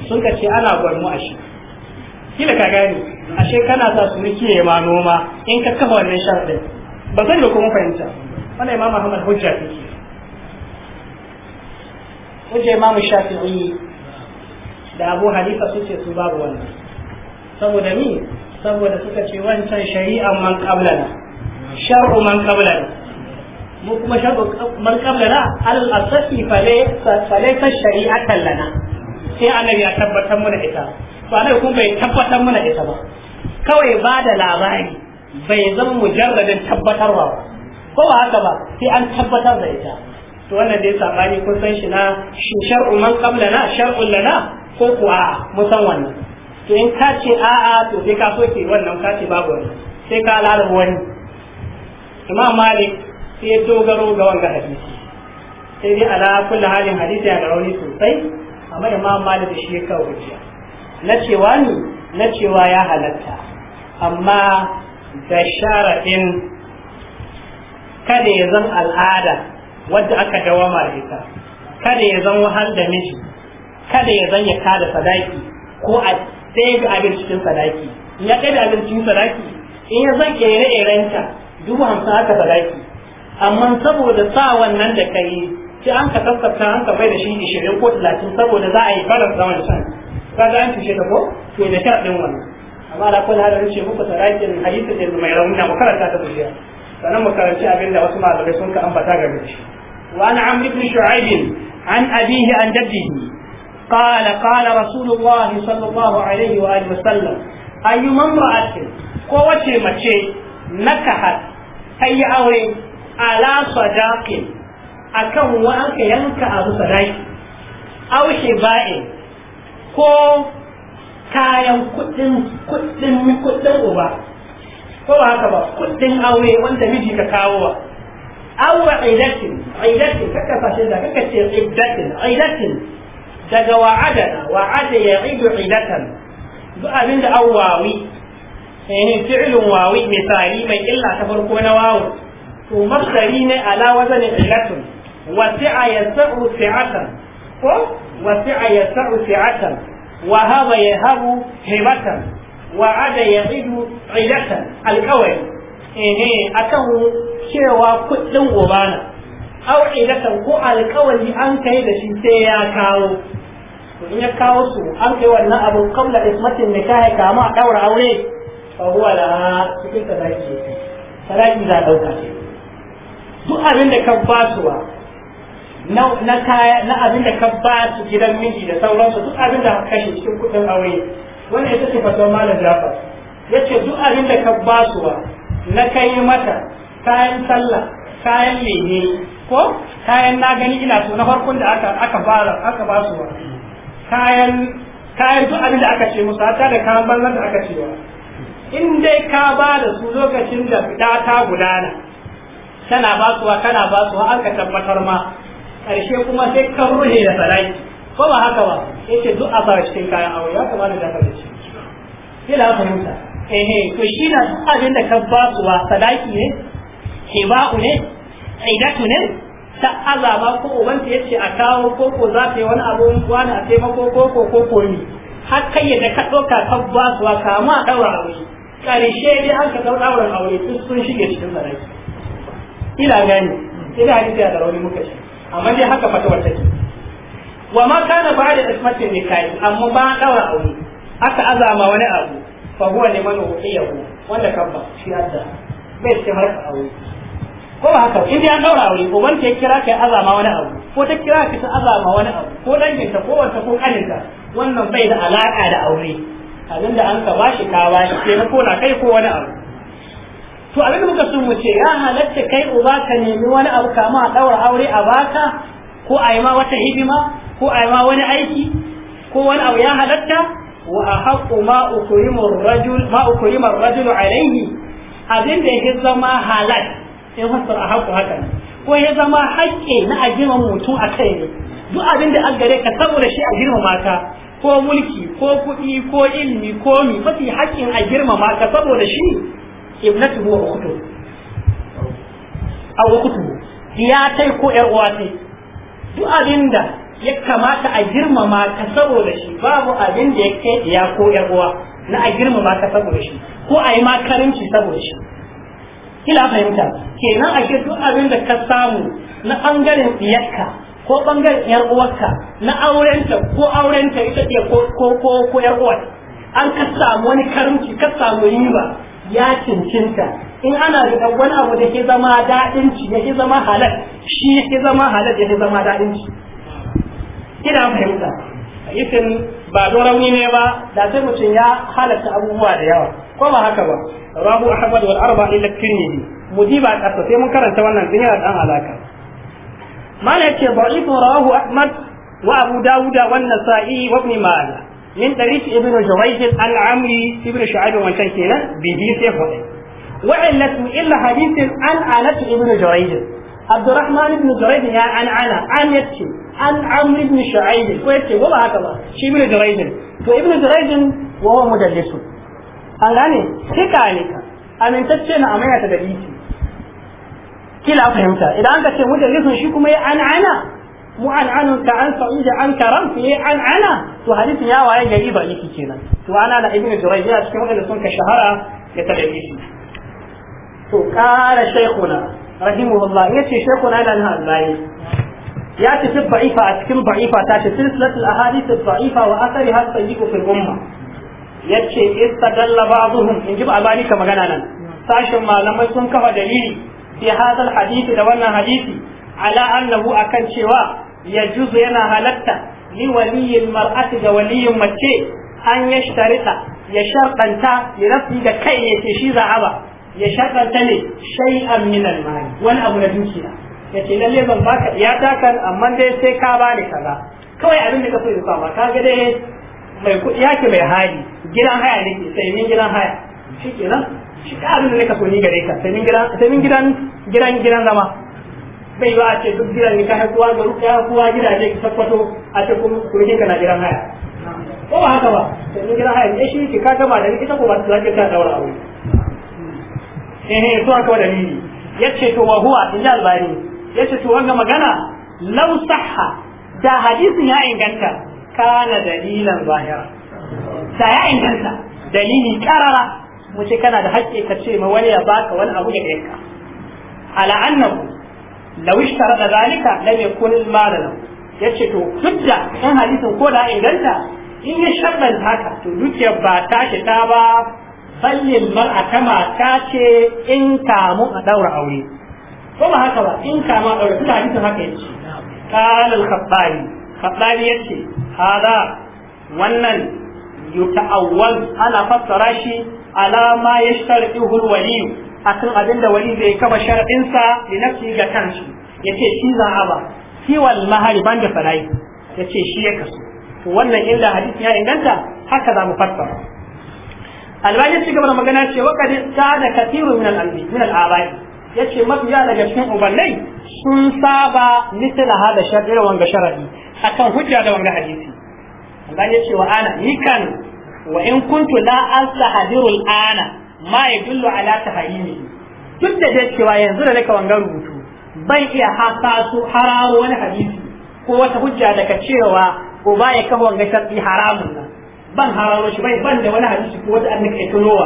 sun ka ce ana gwarmu ashe kila ka gane ashe kana sa su kiyaye ma noma in ka kafa wannan sharadin ba zai da kuma fahimta wanda imam Ahmad hujja take ma mu shafi shafi'i da abu halifa su ce su babu wannan saboda ni saboda suka ce wancan shari'an man qablana shar'u man qablana mu kuma shar'u man qablana al asafi fale fale ta shari'atan lana sai annabi ya tabbatar mana ita to annabi kuma bai tabbatar mana ita ba kawai ba da labari bai zama mujarradin tabbatarwa ba ko ba haka ba sai an tabbatar da ita to wannan dai sabani kun san shi na shin shar'u man na shar'un lana ko ku a musan wannan to in ka ce a'a to sai ka soke wannan ka ce babu wani. sai ka lalaba wani imam malik sai ya dogaro ga wanga hadisi sai dai ala kullu halin hadisi ya rauni sosai amma imam malik shi ya kawo hujja na cewa ni na cewa ya halatta amma da shara'in kada ya zama al'ada wadda aka dawama da ita kada ya zan wahal da miji kada ya zan ya kada sadaki ko a ɗaya abin cikin sadaki in ya ɗaya abin cikin sadaki in ya zan ƙere ƙerenta dubu hamsin aka sadaki amma saboda sa wannan da ka yi sai an ka sassafta an ka bai da shi ishirin ko talatin saboda za a yi barar zaman can kaga an tushe ta ko to da din wannan amma da kullum halin ce muku sadakin hadisin da mai rauni na makaranta ta zuciya sannan makaranci abinda wasu malamai sun ka ambata ga shi وعن عمرو بن شعيب عن أبيه عن جده قال قال رسول الله صلى الله عليه وآله وسلم أيما امرأة قوة مشي نكحت أي أوري على صداق أكم وأنك ينكع صداق أو شبائن ko kayan kudin kudin kudin uba ko ba haka ba kudin aure wanda miji ka kawo aw ailatin ailatin kaka fashe da kaka ce aidatin ailatin daga wa'adana wa'ada ya idu ailatan duk abin da an wawi yani fi'lun wawi misali mai illa ta farko na wawu to masdari ne ala wazanin ailatun wasi'a yasau si'atan ko wa haba wa'ada ya idu ailatan alkawari ehe kan cewa kuɗin gobana au idatan ko alƙawari an kai da shi sai ya kawo to in ya kawo su an kai wannan abu kabla ismatin nikahi kama a daura aure fa huwa la cikin sadaki sadaki za dauka ce duk abin da ka ba su wa na kaya na abin da ka ba su gidan miji da sauransu duk abin da ka kashe cikin kuɗin aure wannan ita ce fatan malam Jafar yace duk abin da ka ba su wa na kai mata kayan sallah kayan lene ko kayan na gani ina so na farkon da aka aka fara aka ba su kayan kayan duk abin da aka ce musu hata da kayan ballan da aka ce wa. in dai ka ba da su lokacin da fita ta gudana tana ba suwa kana ba su an ka tabbatar ma ƙarshe kuma sai ka ruhe da sarai ko ba haka ba yace duk a fara cikin kayan aure ya kamata da ka ce kila fahimta ehe to shi na abin da ka ba su sadaki ne ke ku ne aidatu ne ta azaba ko ubanta yace a kawo ko ko za ta yi wani abu wani a taimako ko ko ko ko ni har kai yadda ka ɗauka ka ba su wa kama ɗaura aure ƙarshe dai an ka ɗaura ɗaurin aure sun shige cikin sadaki ila gani ina hadisi da rauni muka shi amma dai haka wata ce wa ma kana ba'da ismatin nikahi amma ba ɗaura aure aka azama wani abu fa huwa liman uqiyahu wanda kabba shi adda bai cikin harka aure ko ba haka in an daura aure ko wanda ya kira kai azama wani abu ko ta kira ka ta azama wani abu ko danginta ko wata ko kaninta wannan bai da alaka da aure da an ka bashi ka bashi ko na kai ko wani abu to abin da muka so mu ce ya halatta kai uba ka nemi wani abu kama a daura aure a baka ko a yi ma wata hidima ko a yi ma wani aiki ko wani abu ya halatta وأحق ما أكرم الرجل ما zama الرجل عليه أبين ده زما حالات يفسر أحق هكذا ويزما حقي نا أجرم متو أكيد duk abin da an gare ka saboda shi a girmama ko mulki ko kuɗi ko ilmi ko mi mafi haƙƙin a girmama saboda shi ibnatu wa ukhtu aw ukhtu ya tai ko yar uwa tai duk abin ya kamata a girmama ka saboda shi babu abin da ya kai ya ko ya uwa na a girmama ka saboda shi ko a yi makarinci saboda shi kila fahimta kenan a ke duk abin da ka samu na bangaren diyarka ko bangaren yar uwarka na aurenta ko aurenta ita ce ko ko ko yar uwar an ka samu wani karinci ka samu riba ya cincinta in ana da wani abu da ke zama daɗin ci ya ke zama halal shi ya ke zama halal ya ke zama daɗin ci ina fahimta hadisin ba don rauni ne ba da sai mutum ya halatta abubuwa da yawa ko ba haka ba rabu ahmad wal arba ila tirmidhi mujiba kasa sai mun karanta wannan din yana dan alaka mala yace da'ifu rawahu ahmad wa abu dawuda wan nasa'i wa ibn majah min tariq ibn jurayj al amri ibn shu'aib wa kenan bi bi sai fa wa illatu illa hadithin an anat ibn jurayj Abdurrahman ibn Zurayd ya an ana an yace an Amr ibn Shu'ayb ko ba haka ba shi ibn to ibn wa an gane kika ne ka amintacce na amana ta dalili kila fahimta idan ka ce mudallisun shi kuma ya an ana mu an ka an sa'ida an karam fi an ana to hadisin ya waye gari ba yake kenan to ana da ibn Zurayd ya cikin wanda sun ka shahara ya ta dalili to kara shaykhuna rahimahullah ya ce shekun ana nan albani ya ce ba'ifa a cikin ba'ifa ta ce silsilatul ahadith ba'ifa wa asari har sayyiku fil umma ya ce istadalla ba'dhum in ji albani ka magana nan sashin malamai sun kafa dalili fi hadal hadisi da wannan hadisi ala annahu akan cewa ya yajuzu yana halatta li waliyil mar'ati da waliyin mace an yashtarita ya sharɗanta ya rafi da kai ne ce shi za'aba. ya shaɗanta ne shai an al-mali wani abu na dukiya ce lalle ban baka ya taka amma dai sai ka bani kaza kawai abin da ka so ka ba kaga dai mai kuɗi yake mai hali gidan haya ke sai min gidan haya nan shi ka abin da kafin ni gare ka sai min gidan gidan gidan zama bai ba a ce duk gidan ni ka haihuwa ga ruka kowa gidaje ka sakwato a ce kuma ka na gidan haya ko ba haka ba sai min gidan haya ne shi ke ka gama da ni ita ko ba za ka ta daura aure eh to eh, aka dalili? yace to wa huwa inda albani yace to wannan magana law sahha da hadisin ya inganta kana dalilan zahira da ya inganta dalili karara mu ce kana da haƙƙi ka ce ma wani ya baka wani abu ya yanka ala annahu law ishtara zalika lam yakun al lahu yace to hujja in hadisin ko da inganta in ya sharɗanta haka to dukiyar ba tashi ta ba sallin mar'a kama ta ce in kamu a daura aure ko ba haka ba in kamu a daura tunda hadisin haka yace qala al-khattabi khattabi yace hada wannan yuta'awwal ana fassara shi ala ma yashtarihu al-wali akan abinda wali zai kama sharadin sa li nafsi ga kanshi yace shi za a ba siwal mahari banda farai yace shi ya kasu to wannan inda hadisi ya inganta haka za mu fassara albani ci gaba da magana ce wa kadin ta da kasiru min al-albi min al-abai yace mafiya daga cikin ubannai sun saba misal hada sharri wanga sharadi akan hujja da wanga hadisi albani yace wa ana ni kan wa in kuntu la asla al-ana ma yadullu ala tahayyini duk da dai cewa yanzu da naka wanga rubutu ban iya hasasu hararo wani hadisi ko wata hujja daga cewa ko ba ya kafa wanga sharri haramun ban hararo shi bai ban da wani hadisi ko wata annabi kai tunowa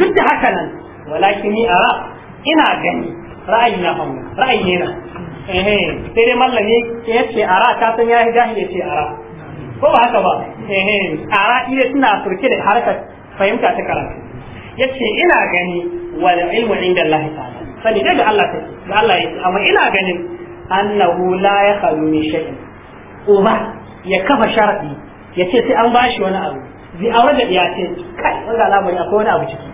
duk da haka nan walakin ni ara ina gani ra'ayi na hamu ra'ayi ne na eh sai dai mallami yace ara ka san ya jahili yace ara ko ba haka ba ara iya suna turke da harkar fahimta ta karatu ce ina gani wal ilmu inda Allah ta'ala sani daga Allah ta da Allah ya amma ina ganin annahu la yakhlu min shay'in uba ya kafa sharadi ya ce sai an bashi wani abu bi aure da iya ce kai wanda alamari akwai wani abu ciki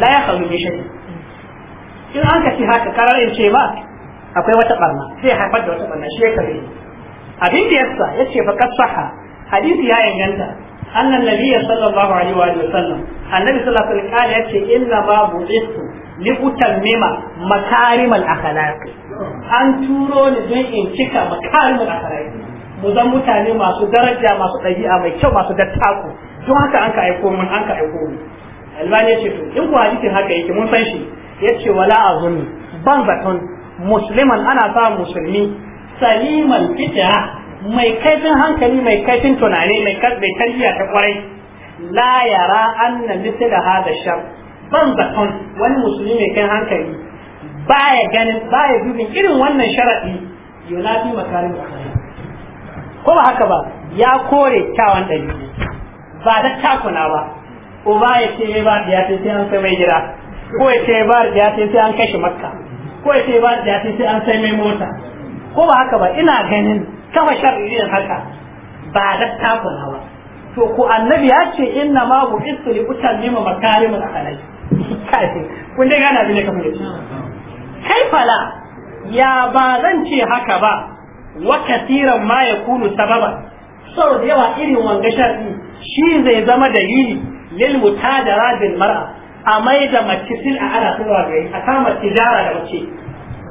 la ya kalu bi shari in an ka ce haka karar in ce ba akwai wata barna ya haifar da wata barna shi ya kare abin da yasa yace fa kasaha hadisi ya inganta annan nabiyya sallallahu alaihi wa sallam annabi sallallahu alaihi wa sallam yace inna ma bu'istu li utammima makarimal akhlaq an turo ni don in cika makarimal akhlaq mu zan mutane masu daraja masu ɗabi'a mai kyau masu dattako don haka an ka aiko mun an ka aiko mun albani ya ce to in ku hadisin haka yake mun san shi ya ce wala azunni ban zaton musliman ana sa musulmi saliman fitra mai kaifin hankali mai kaifin tunani mai mai tarbiyya ta kwarai la yara anna da hada shar ban zaton wani musulmi mai kai hankali baya ganin baya dubin irin wannan sharadi yunafi makarin ko ba haka ba ya kore kyawun ɗabi'u ba da takuna ba uba ya ce ba ce sai an sai mai gida ko ya ce ba ce sai an kashi makka ko ya ce ba ce sai an sai mai mota ko ba haka ba ina ganin kafa shar'iyyar haka ba da takuna ba to ku annabi ya ce inna ma bu istu li utammima makarimul akhlaq kai kun dai gana bin kamar yace kai fala ya ba zan ce haka ba wa kasiran ma yakunu sababan sababa sau da yawa irin wanga shar'i shi zai zama dalili lil mutajara bil mar'a a mai da mace sil a ana sulwa yi a kama tijara da mace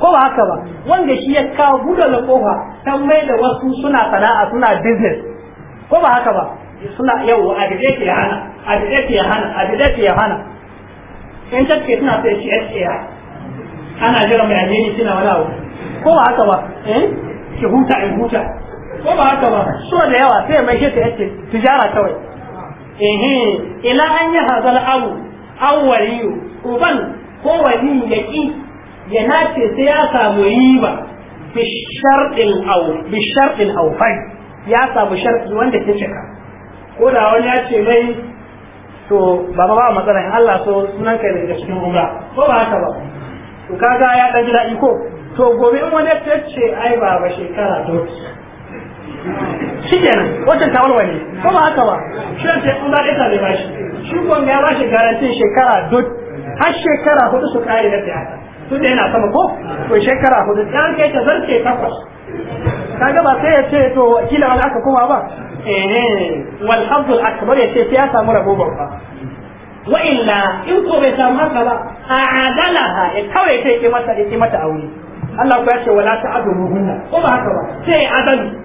ko ba haka ba wanda shi ya kawo buɗe da kofa ta mai da wasu suna sana'a suna business ko ba haka ba suna yau a dade ke hana a dade ke hana a dade ke hana in take suna sai shi SAR ana jira mai ajiyar suna wani abu ko ba haka ba eh ki huta in huta ko ba haka ba so da yawa sai mai shi ta yace tijara kawai eh ila an yi hazal awu awwaliyu uban ko wani ya ki ya nace sai ya samu riba bi sharɗin aw bi sharɗin awfai ya samu sharɗi wanda ke cika ko da wani ya ce mai to ba ba matsala in Allah so sunan kai daga cikin umra ko ba haka ba to kaga ya dan ji iko? to gobe in wani ya ce ai ba ba shekara to shi kenan wancan ta walwale ko ba haka ba shi ce in ba ita ne bashi shi gon ya bashi garantin shekara duk har shekara hudu su kare da tiyata tun da yana sama ko to shekara hudu an kai ta zarce takwas kaga ba sai ya ce to wakila wani aka koma ba eh wal hafdul akbar ya ce sai ya samu rabo ba. wa illa in ko bai samu haka ba a adalaha ya kawai sai ki mata ki mata aure Allah ku ya ce wala ta'adu hunna ko ba haka ba sai adalu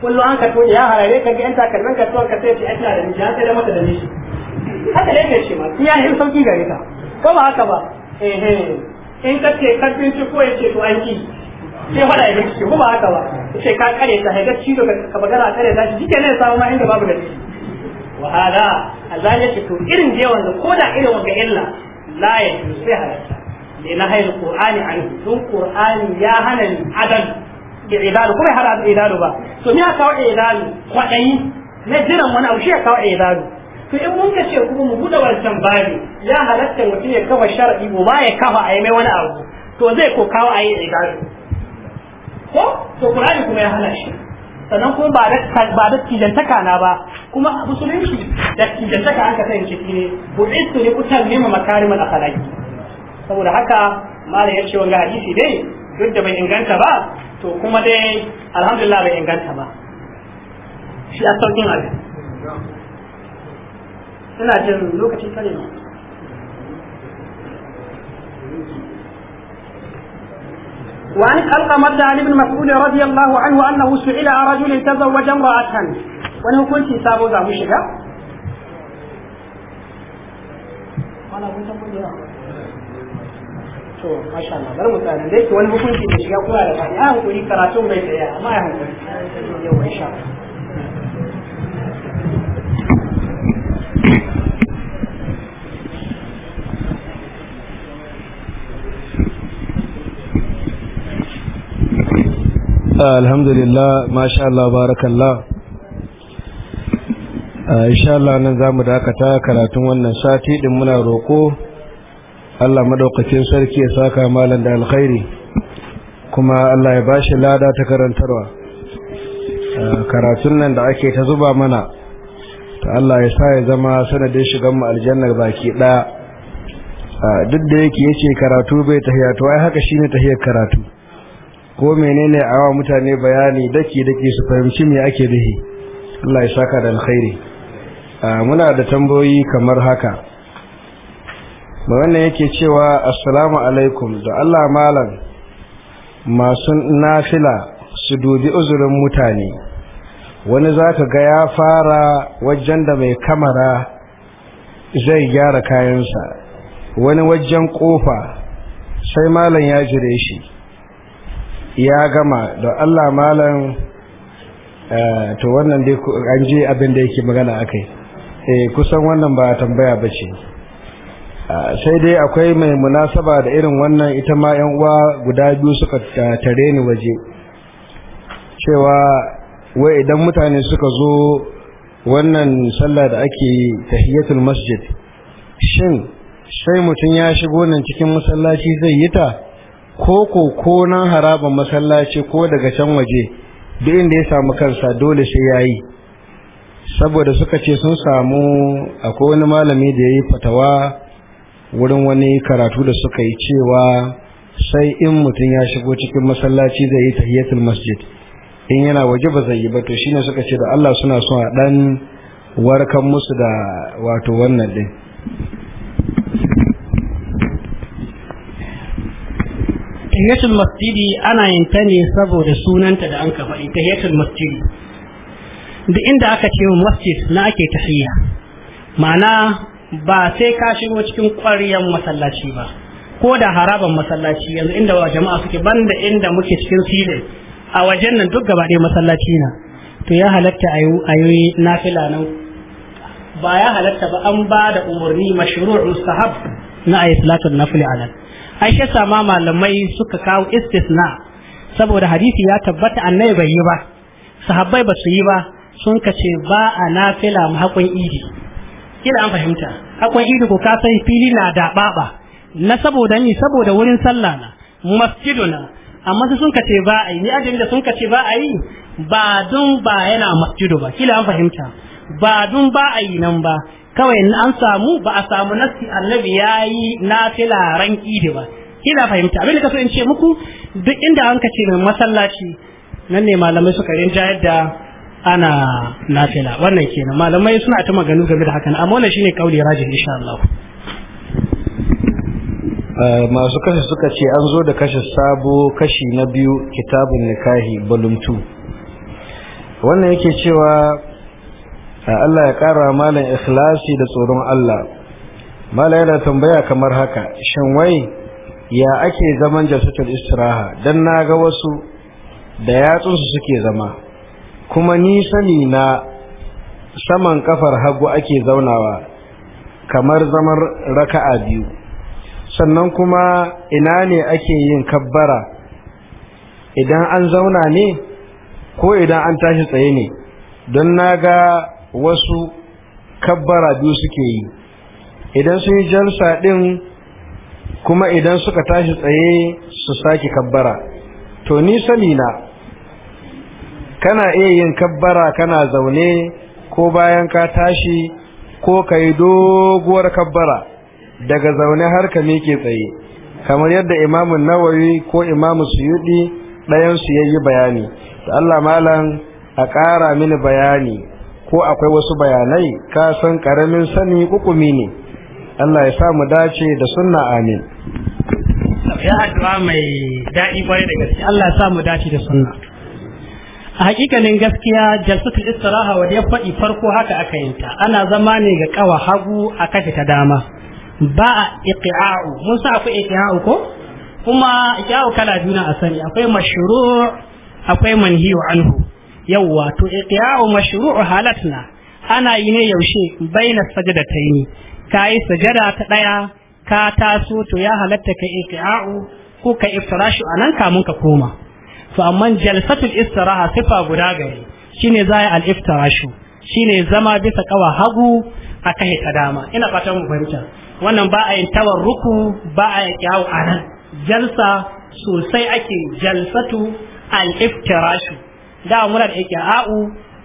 kullum an ka to ya harare ka ga yan takalmin ka tuwan ka sai ce ina da miji sai da mata da miji haka da yake ce ma ya yi sauki gare ka ko ba haka ba eh eh in ka ce karfin binci ko ya to an ki sai faɗa yi binci ko ba haka ba ce ka kare ta haiga cizo ka bagara kare ta shi jike ne samu ma inda babu da shi wa hada Allah ya ce to irin da yawan da ko da irin wanga illa la ya sai halatta na hayar qur'ani an tun qur'ani ya hana ni adal ilalu kuma hada ilalu ba to ni aka kawo ilalu kwadayi na jiran wani abu shi ya kawo ilalu to in mun ka ce kuma mu buɗe wancan bari ya halatta mutum ya kafa shar'i ko ba ya kafa a yi mai wani abu to zai ko kawo a yi ilalu ko to qur'ani kuma ya halashi sannan kuma ba da ba da tijantaka na ba kuma musulunci da tijantaka an ka sai ciki ne bu'istu li utammima makarimul akhlaqi saboda haka malai ya ce wanga hadisi dai duk da bai inganta ba to kuma dai alhamdulillah bai inganta ba shi a saukin abin ina jin lokaci kare ne وعن علقمة عن ابن مسعود رضي الله عنه أنه سئل عن رجل تزوج امرأة وأنه كنت سابو ذا مشكا to masha Allah bar mutane, tsaya da wani hukunci da shiga kula da fadi an kuri karatun mai tsaya amma ya hankali yau insha sha? alhamdulillah masha Allah barakallah ah, insha Allah nan zamu dakata karatun wannan sati din muna roko Allah madaukakin sarki ya saka malam da alkhairi kuma Allah ya bashi lada ta karantarwa karatun nan da ake ta zuba mana ta Allah ya sa ya zama sanadin shigan mu aljanna baki ɗaya. duk da yake yace karatu bai tahiya to ai haka shine tahiyar karatu ko menene wa mutane bayani daki daki su fahimci me ake dahi Allah ya saka da alkhairi muna da tambayoyi kamar haka ba wannan yake cewa assalamu alaikum da Allah malam masu nafila su dubi uzurin mutane wani za ga ya fara wajen da mai kamara zai gyara kayansa wani wajen kofa sai malam ya jire shi ya gama da Allah malam eh, to wannan dai an je abin da yake magana akai eh kusan wannan ba tambaya bace sai dai akwai mai munasaba da irin wannan ita ma yan uwa guda biyu suka tare ni waje cewa wai idan mutane suka zo wannan sallah da ake tahiyatul masjid shin sai mutum ya shigo nan cikin masallaci zai yi ta ko ko ko nan haraban masallaci ko daga can waje duk inda ya samu kansa dole sai ya yi saboda suka ce sun samu akwai wani malami da ya yi fatawa wurin wani karatu da suka yi cewa sai in mutum ya shigo cikin masallaci zai yi tahiyatul masjid in yana waje ba zai yi ba to shine suka ce da Allah suna so a dan warkan musu da wato wannan din tahiyatul masjidi ana yin ta ne saboda sunanta da an kafa tahiyatul masjidi duk inda aka ce masjid na ake tahiyya ma'ana ba sai ka shigo cikin ƙwaryan masallaci ba ko da haraban masallaci yanzu inda wa jama'a suke banda inda muke cikin filin a wajen nan duk gaba ɗaya masallaci na to ya halatta a yi nafila nan ba ya halatta ba an ba da umarni mashru' mustahab na ayi salatul nafil ala ai sai sama malamai suka kawo istisna saboda hadisi ya tabbata annabi bai yi ba sahabbai ba su yi ba sun kace ba a nafila mu haƙun idi kila an fahimta akwai idi ko ka sai fili na da baba na saboda ni saboda wurin sallah na masjiduna amma su sun kace ba a yi ni ajin da sun kace ba ai ba dun ba yana masjidu ba kila an fahimta ba dun ba ai nan ba kawai an samu ba a samu nasi annabi yayi yi na ran idi ba kila fahimta abin da kaso in ce muku duk inda an kace masallaci nan ne malamai suka rinjayar da ana nafila wannan kenan malamai suna ta maganu game da hakan amma wannan shine kauli rajin insha Allah eh, masu kashe suka ce an zo da kashe sabo kashi na biyu kitabun nikahi balumtu wannan yake cewa eh, Allah ya kara malam ikhlasi da tsoron Allah malam yana tambaya kamar haka shin wai ya ake zaman jasutul istiraha dan naga wasu da yatsunsu suke zama kuma ni sani na saman kafar hagu ake zaunawa kamar zamar raka'a biyu sannan kuma ina ne ake yin kabbara idan an zauna ne ko idan an tashi tsaye ne don na ga wasu kabbara biyu suke yi idan sun yi jalsa ɗin kuma idan suka tashi tsaye su sake kabbara to ni sani na kana iya yin kabbara kana zaune ko bayan ka tashi ko ka yi doguwar kabbara daga zaune har ka miƙe tsaye kamar yadda imamun nawawi ko imamu suyudi ɗayansu ya yi bayani da allah malam a ƙara mini bayani ko akwai wasu bayanai ka san ƙaramin sani kukumi ne allah ya samu dace da sunna amin ya addu'a mai daɗi kwarai da gaske allah ya samu dace da sunna a hakikanin gaskiya jalsatul istiraha wa ya faɗi farko haka aka yinta ana zama ne ga kawa hagu a kashe ta dama ba a iqa'u mun sa akwai iqa'u ko kuma iqa'u kala juna a sani akwai mashru' akwai manhiyu anhu yawa to iqa'u mashru' halatna ana yi ne yaushe baina sajadataini kai sajada ta daya ka taso to ya halatta ka iqa'u ko ka iftirashu anan kamun ka koma to amma jalsatul istiraha sifa guda gari shine za al iftirashu shine zama bisa kawa hagu a kai ta dama ina fatan mu fahimta wannan ba a yin tawarruku ba a yin kyawu a nan jalsa sosai ake jalsatu al iftirashu da muna da ikya'u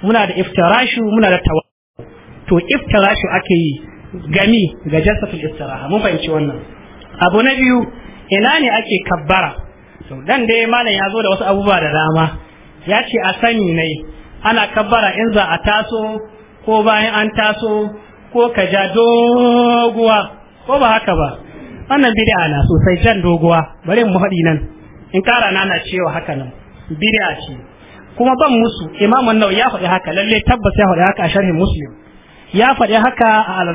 muna da iftirashu muna da tawarruku to iftirashu ake yi gami ga jalsatul istiraha mun fahimci wannan abu na biyu ina ne ake kabbara Sau dan dai malam ya zo da wasu abubuwa da dama ya ce a sani ne ana kabbara in za a taso ko bayan an taso ko ka ja doguwa ko ba haka ba wannan bid'a na sosai jan doguwa bari mu faɗi nan in kara na na cewa haka nan bid'a ce kuma ban musu imam an ya faɗi haka lalle tabbas ya faɗi haka a sharhin muslim ya faɗi haka a al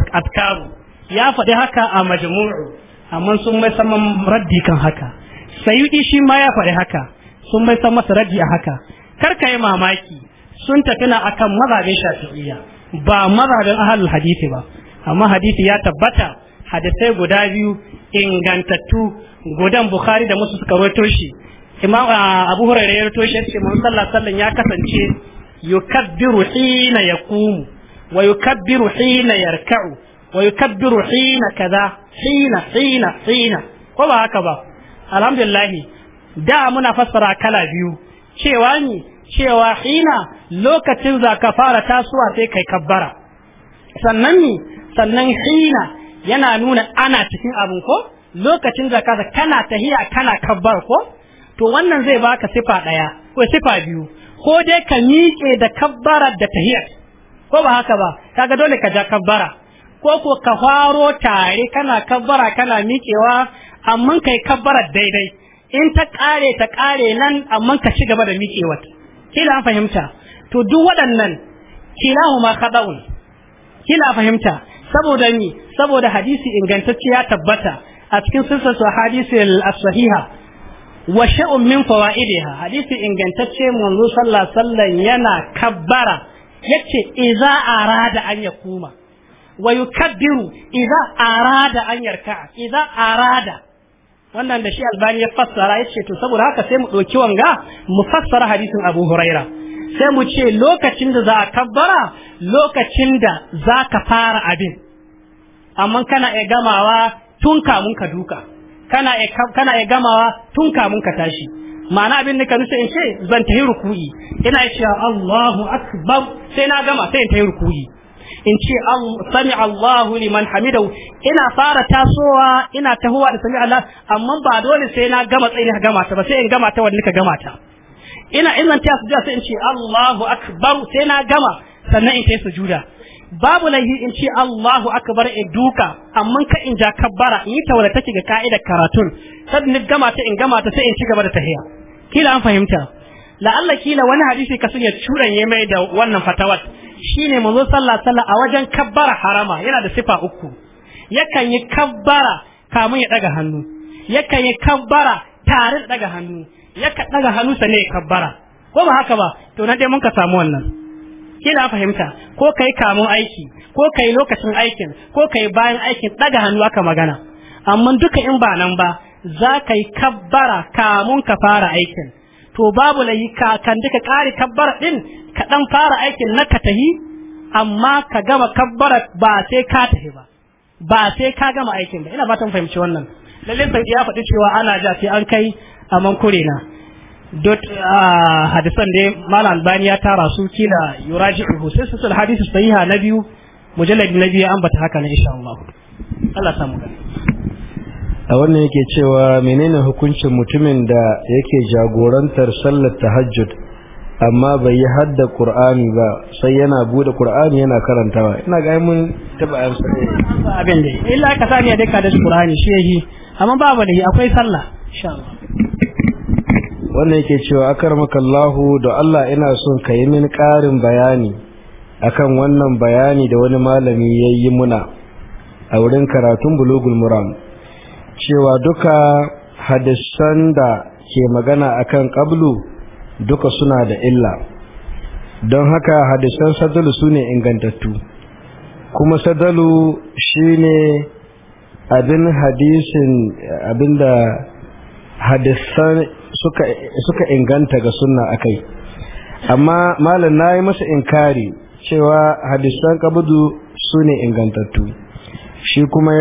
ya faɗi haka a majmu'u amma sun mai saman raddi kan haka sayudi shi ma ya faɗi haka sun bai san masa raji a haka kar ka yi mamaki sun tafi na akan mazabin shafi'iyya ba mazabin ahalul hadisi ba amma hadisi ya tabbata hadisai guda biyu ingantattu gudan bukhari da musu suka rawaito shi imam abu hurairah ya rawaito shi ce mun sallah sallan ya kasance yukabbiru hina yaqumu wa yukabbiru hina yarka'u wa yukabbiru hina kaza hina hina hina ko ba haka ba alhamdulillah da muna fassara kala biyu cewa ni cewa hina lokacin za ka fara tasowa sai kai kabbara sannan ni sannan hina yana nuna ana cikin abin ko lokacin za ka kana tahiya kana kabbar ko to wannan zai baka sifa daya ko sifa biyu ko dai ka miƙe da kabbara da tahiyar ko ba haka ba kaga dole ka ja kabbara ko ko ka faro tare kana kabbara kana miƙewa amma kai kabbara daidai in ta kare ta kare nan amma ka ci gaba da miƙewa kila fahimta to duk waɗannan kilahuma khada'un kila fahimta saboda ni saboda hadisi ingantacce ya tabbata a cikin sirrin hadisi as-sahiha wa sha'un min fawaidiha hadisi ingantacce manzo sallallahu alaihi wasallam yana kabbara yace idza arada an yakuma ويكبر إذا أراد أن يركع إذا أراد wannan da shi albani ya fassara ya ce to saboda haka sai mu ɗauki wanga mu fassara hadisin abu huraira sai mu ce lokacin da za a kabbara lokacin da za ka fara abin amma kana iya gamawa tun kamun ka duka kana iya gamawa tun kamun ka tashi ma'ana abin da ka nusa in ce zan yi ruku'i ina cewa Allahu akbar sai na gama sai in yi ruku'i in ce sami Allahu liman hamidau ina fara tasowa ina tahowa da sami Allah amma ba dole sai na gama tsayi ga gama ta ba sai in gama ta wani ka gama ta ina in zan ta sujuda sai in ce Allahu akbar sai na gama sannan in kai sujuda babu lahi in ce Allahu akbar in duka amma ka in ja kabbara in yi tawala take ga ka'idar karatun sannan gama ta in gama ta sai in ci gaba da tahiya kila an fahimta la'alla kila wani hadisi ka sun ya curanye mai da wannan fatawar Shi ne manzo sallallahu alaihi a wajen kabbara harama yana da sifa uku yakan yi kabbara kamun ya daga hannu yakan yi kabbara tare da daga hannu yakan daga hannu sa ne kabbara ko ba haka ba to na dai mun ka samu wannan kina fahimta ko kai kamun aiki ko kai lokacin aikin ko kai bayan aikin daga hannu aka magana amma duka in ba nan ba za ka yi kabbara kamun ka fara aikin to babu layi ka kan duka kare kabbara ɗin ka dan fara aikin na ka tahi amma ka gama kabbara ba sai ka tahi ba ba sai ka gama aikin ba ina ba tan fahimci wannan lalle sai ya faɗi cewa ana ja sai an kai man kure na dot hadisan dai malam albani ya tara su kila yurajihu sai su hadisi sahiha na biyu mujallad na biyu an bata haka na insha Allah Allah samu gani a wannan yake cewa menene hukuncin mutumin da yake jagorantar sallar tahajjud amma bai yi hadda qur'ani ba sai yana bude qur'ani yana karantawa ina ga mun taba sai abin da illa ka sani da ka da qur'ani shi yake amma babu da akwai sallah insha Allah wannan yake cewa akarmakallahu da Allah ina son ka yi min karin bayani akan wannan bayani da wani malami yayi muna a wurin karatun bulugul muram cewa duka hadisan da ke magana akan qablu duka suna da illa don haka hadisan sadalu sune ingantattu kuma sadalu shine abin hadisin abinda hadisan suka suka inganta ga sunna akai amma malam nayi masa inkari cewa hadisan su sune ingantattu shi kuma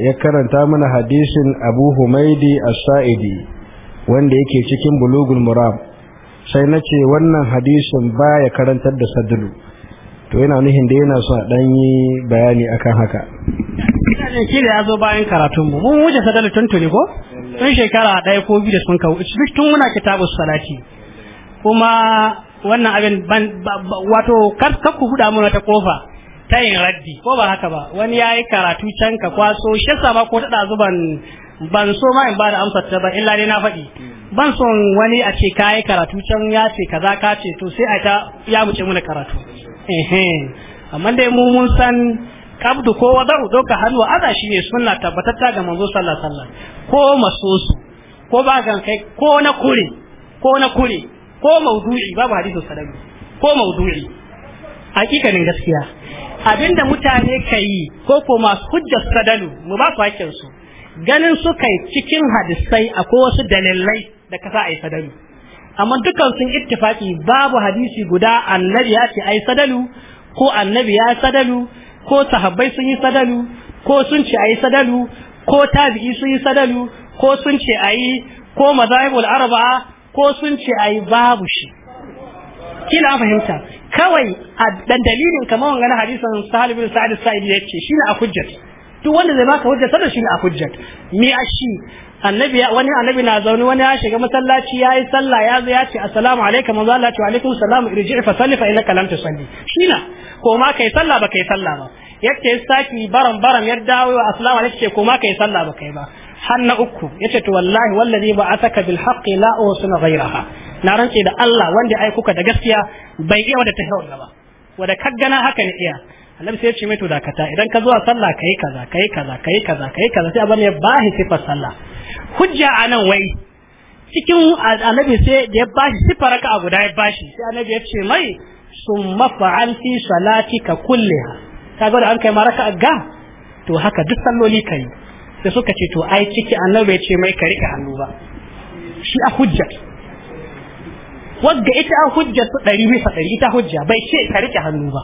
ya karanta mana hadisin Abu Humaidi As-Sa'idi wanda yake cikin Bulugul Muram sai nace wannan hadisin baya karantar da sadulu to yana nuhin da yana so a dan yi bayani akan haka da ya zo bayan karatun mu mun wuce sadulu tuntuni ko tun shekara ɗaya ko biyu da sun kawo duk tun muna kitabu salati kuma wannan abin wato kar ku huda mana ta kofa ta yin raddi ko ba haka ba wani ya yi karatu can ka kwaso shi ba ko ta dazu ban so ma in ba da amsar ta ba illa dai na faɗi ban son wani a ce ka yi karatu can ya ce kaza ka ce to sai a ta ya muce mana karatu amma dai mu mun san kabdu ko daru doka hannu aza shi ne sunna tabbatatta ga manzo sallallahu alaihi wasallam ko masosu ko ba gan kai ko na kure ko na kure ko maudu'i babu hadisin sadaka ko maudu'i hakikanin gaskiya Abin da mutane ka yi ko ko masu hujjar sadalu mu ba su hakkin su ganin su kai cikin hadisai akwai wasu dalilai da kasa ai sadalu amma dukkan sun ittifaki babu hadisi guda annabi ya ce ai sadalu ko annabi ya sadalu ko sahabbai sun yi sadalu ko sun ce ai sadalu ko tabi'i sun yi sadalu ko sun ce ayi ko mazahibul arba'a ko sun ce ayi babu shi kina fahimta kawai a dan dalilin kamar wannan hadisin Sahal bin Sa'id Sa'id yace shine a hujjat duk wanda zai baka hujja sada shine a hujjat ni ashi. shi annabi wani annabi na zaune wani ya shiga masallaci ya yi sallah ya zo ya ce assalamu alaikum manzo Allah wa alaikum salam irji fa salli fa innaka lam tusalli shine ko ma kai sallah ba kai sallah ba yace saki baram baram ya dawo wa assalamu alaikum ce ko ma kai sallah ba kai ba har uku yace to wallahi wallazi ba'athaka bil haqqi la usna ghayraha na rance da Allah wanda ai kuka da gaskiya bai iya wadda ta hawa ba wadda kaggana haka ne iya Allah sai ya ce mai to dakata idan ka zuwa sallah kai kaza kai kaza kai kaza kai kaza sai abin ya bashi sifar sallah hujja anan wai cikin annabi sai da ya bashi sifar raka guda ya bashi sai annabi ya ce mai summa fa'al fi salatika kulliha kaga da an kai maraka ga to haka duk salloli kai sai suka ce to ai ciki annabi ya ce mai ka rike hannu ba shi a hujja. wadda ita a hujjar su ɗari bisa ɗari ita hujja bai ce ka riƙe hannu ba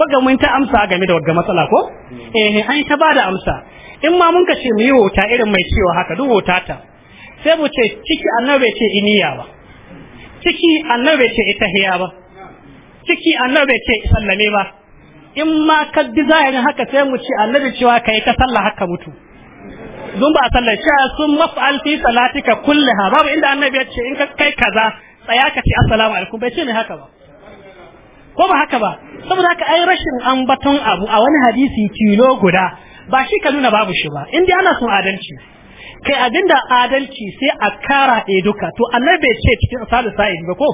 wadda mun ta amsa game da wadda matsala ko eh an ta ba da amsa in ma mun ka ce mu yi wota irin mai cewa haka duk wota ta sai mu ce ciki annabi ce iniya ba ciki annabi ce ita hiya ba ciki annabi ce sallame ba in ma ka bi zahirin haka sai mu ce annabi cewa kai ka sallah haka mutu Zumba a sallar sha sun maf'al fi salatika kullaha babu inda annabi ya ce in ka kai kaza tsaya ka ce assalamu alaikum bai ce mai haka ba ko ba haka ba saboda haka ai rashin ambaton abu a wani hadisi kilo guda ba shi ka nuna babu shi ba in dai ana son adalci kai abinda adalci sai a kara ɗaya duka to annabi bai ce cikin asalin sa'id ba ko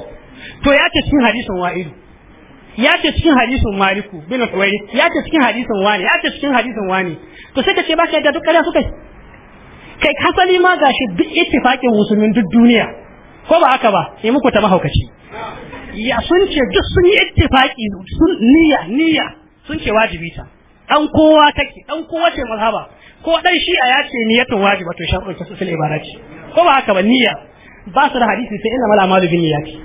to ya ce cikin hadisin wa'idu ya ce cikin hadisin maliku bin tsawairi ya ce cikin hadisin wani ya ce cikin hadisin wani to sai ka ce ba ka yadda duk ƙarya suka kai hasali ma gashi duk ittifaqin musulmin duk duniya ko ba haka ba sai muku ta mahaukaci ya sun ce duk sun yi ittifaki sun niyya niyya sun ce wajibi ta dan kowa take dan kowa ce mazhaba ko dan shi a yace niyyatun wajiba to shar'un ta sul ibarati ko ba haka ba niyya ba su da hadisi sai inna mala malu bin niyyati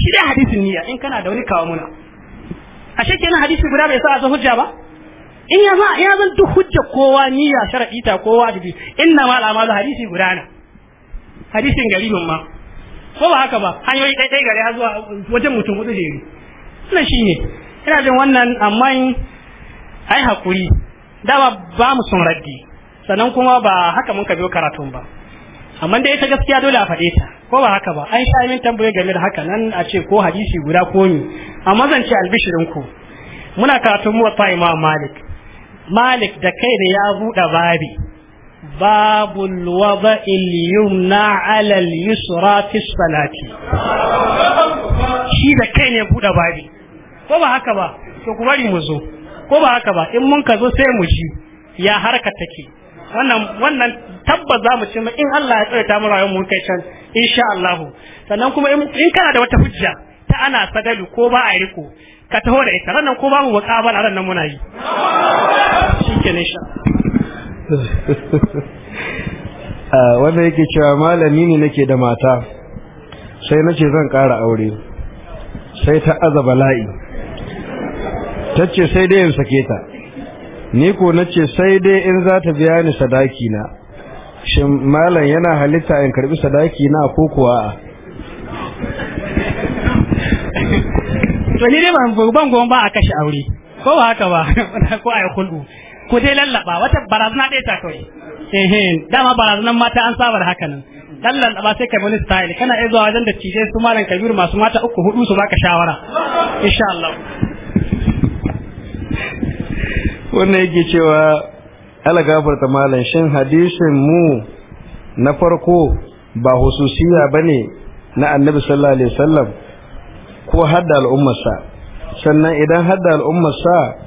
shi da hadisin niyya in kana da wani kawo muna ashe na hadisi guda bai sa a hujja ba in ya za ya zan duk hujja kowa niyya shar'i ta kowa wajibi inna mala malu hadisi guda na hadisin garibin ma ko ba haka ba hanyoyi ɗaiɗai gare zuwa wajen mutum hudu jeri wannan shi ne ina jin wannan amma ai hakuri dama ba mu sun raddi sannan kuma ba haka mun ka biyo karatun ba amma dai ta gaskiya dole a faɗe ta ko ba haka ba an sha min tambaye game da haka nan a ce ko hadisi guda ko ni amma zan ce albishirin ku muna karatun muwatta imam malik malik da kai da ya buɗe babi باب الوضع اليمنى على اليسرى في الصلاة shi da kai ne buɗe babi ko ba haka ba to ku bari mu zo ko ba haka ba in mun ka zo sai mu ji ya harka take wannan wannan tabbas za mu ci in Allah ya tsaita mu rayuwar mu kai can insha Allah sannan kuma in kana da wata hujja ta ana sagalu ko ba a riko ka taho da ita ranan ko ba mu muqabala ranan muna yi shikenan insha Eh, wanda yake cewa malami ne nake da mata sai na ce zan ƙara aure sai ta azaba la'i ta ce sai dai in sake ta ni ko na ce sai dai in za ta biya ni sadaki na shin malam yana halitta in karbi sadaki na ko kuwa to ni dai ban ban ba a kashe aure ko ba haka ba ko ai yi ku dai lallaba wata barazana ɗaya ta kawai eh dama barazanan mata an saba da haka nan dan lallaba sai kai wani style kana iya zuwa wajen da cije su malam kabiru masu mata uku hudu su baka shawara insha Allah wannan yake cewa ala gafarta malam shin hadisin mu na farko ba hususiya bane na annabi sallallahu alaihi wasallam ko hadda al'ummarsa sannan idan hadda al'ummarsa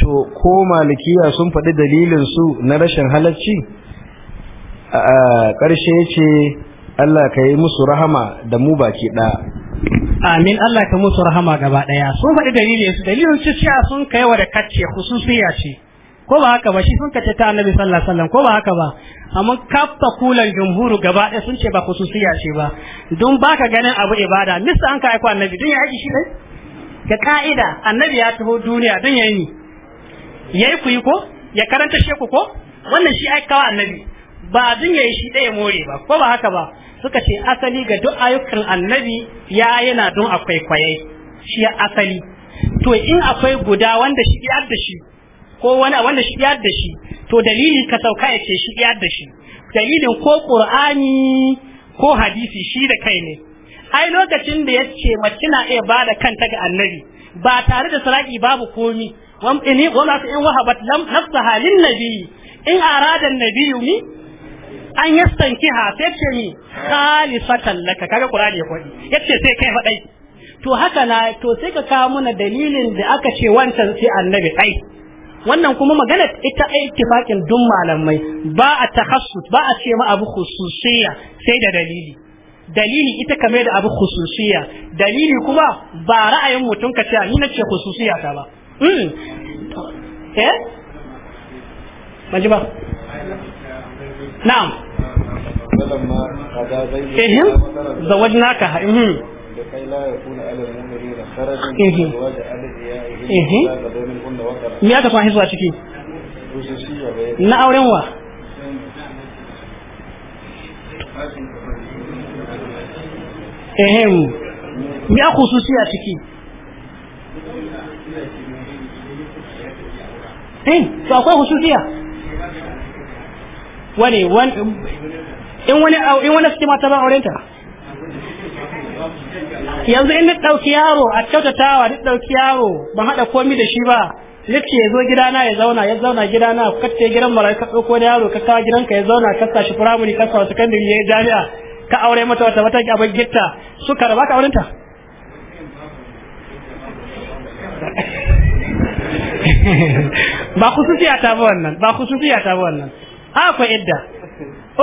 to ko malikiya sun faɗi dalilin su na rashin halacci a ƙarshe ce Allah ka yi musu rahama da mu baki ɗaya amin Allah ka musu rahama gaba ɗaya sun faɗi dalilin su dalilin su cewa sun kai wa da kacce khususiya ce ko ba haka ba shi sun kace ta annabi sallallahu alaihi wasallam ko ba haka ba amma kafa kulan jumhuru gaba ɗaya sun ce ba khususiya ce ba don baka ganin abu ibada mista an ka aiko annabi don ya yi shi ne ka ka'ida annabi ya taho duniya don ya yi yayi ku yi ko ya karanta sheku ko wannan shi ai kawa annabi ba abin yayi shi ɗaya more ba ko ba haka ba suka ce asali ga duk ayyukan annabi ya yana don akwai kwaye shi asali to in akwai guda wanda shi iyar da shi ko wani wanda shi iyar da shi to dalili ka sauka ya ce shi iyar da shi dalilin ko qur'ani ko hadisi shi da kai ne ai lokacin da ya ce mace na iya bada kanta ga annabi ba tare da saraki babu komi wam ini wala ta in wahabat lam nafsaha lin nabi in arada nabi ni? an yastankiha sai ce mi khalisatan laka kaga qur'ani ya kwadi yace sai kai fa to haka na to sai ka kawo mana dalilin da aka ce wancan sai annabi dai wannan kuma magana ita ai tifakin dun malamai ba a takhassut ba a ce ma abu khususiyya sai da dalili dalili ita kame da abu khususiyya dalili kuma ba ra'ayin mutum ka ce ni na ce khususiyya ta ba Hmm. Eh? Naam. Ihim. Eh, Zawajnaka. Ihim. Hmm. Hmm. Me ciki? Na auren wa? Eh, a ciki? eh to akwai hususiya wani wani in wani in wani suke mata ba aurenta yanzu in ɗauki yaro a kyautatawa duk ɗauki yaro ban haɗa komi da shi ba Yake ya zo gidana ya zauna ya zauna gidana ka kace gidan marayu ka ɗauko da yaro ka kawo gidanka ya zauna ka sa shi firamuni ka sa sakandare ya yi jami'a ka aure mata wata wata ki abin gitta suka raba ka aurenta ba khususiya ta ba wannan ba khususiya ta ba wannan ko idda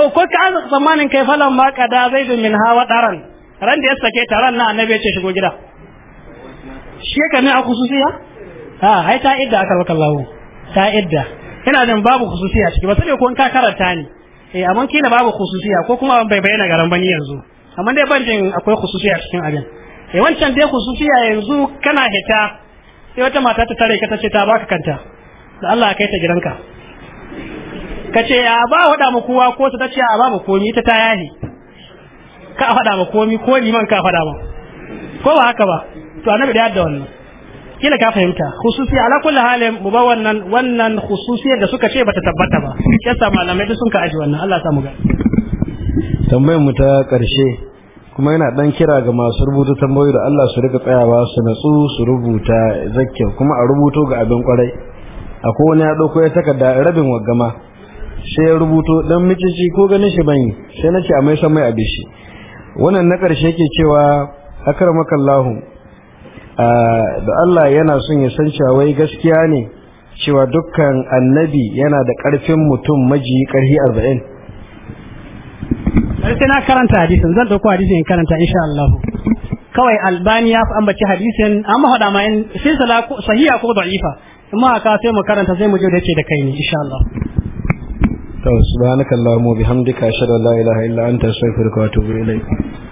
o oh, ko ka azu zamanin kai falan ma kada zaidu min hawa daran ran da ya sake taran na annabi ya ce shigo gida shi ka ne a khususiya ha ai ta idda aka baka Allah ta idda ina jin babu khususiya ciki ba sai ko ka karanta ni eh amma kina babu khususiya ko kuma bai bayyana garan bani yanzu amma dai ban jin akwai khususiya cikin abin eh wancan dai khususiya yanzu kana hita sai wata mata ta tare ka ta ce ta baka kanta da Allah kai ta gidanka ka ce ya ba faɗa mu kowa ko ta ce a ba mu komi ita ta yahi ka faɗa mu komi ko liman ka faɗa mu ko ba haka ba to annabi da yadda wannan kila ka fahimta khususi ala kulli halin mu ba wannan wannan khususiyar da suka ce bata tabbata ba kessa malamai duk sun ka aji wannan Allah ya samu ga. tambayar mu ta karshe kuma yana dan kira ga masu rubuta tambayoyi da Allah su rika tsayawa su natsu su rubuta zakkiya kuma a rubuto ga abin kwarai akwai wani ya ɗauko ya da rabin wagama sai ya rubuto dan micici ko ganin shi bane sai na ce a mai san mai abin shi wannan na ƙarshe yake cewa akramakallahu da Allah yana son ya san cewa wai gaskiya ne cewa dukkan annabi yana da ƙarfin mutum maji ƙarfi arba'in sai na karanta hadisin zan dauko hadisin in karanta insha Allah kawai albani ya ambaci hadisin amma hada ma in sai sahiha ko da'ifa in ma aka sai mu karanta sai mu je da yake da kai ne insha Allah to subhanakallahumma bihamdika ashhadu an la ilaha illa anta astaghfiruka wa atubu ilayk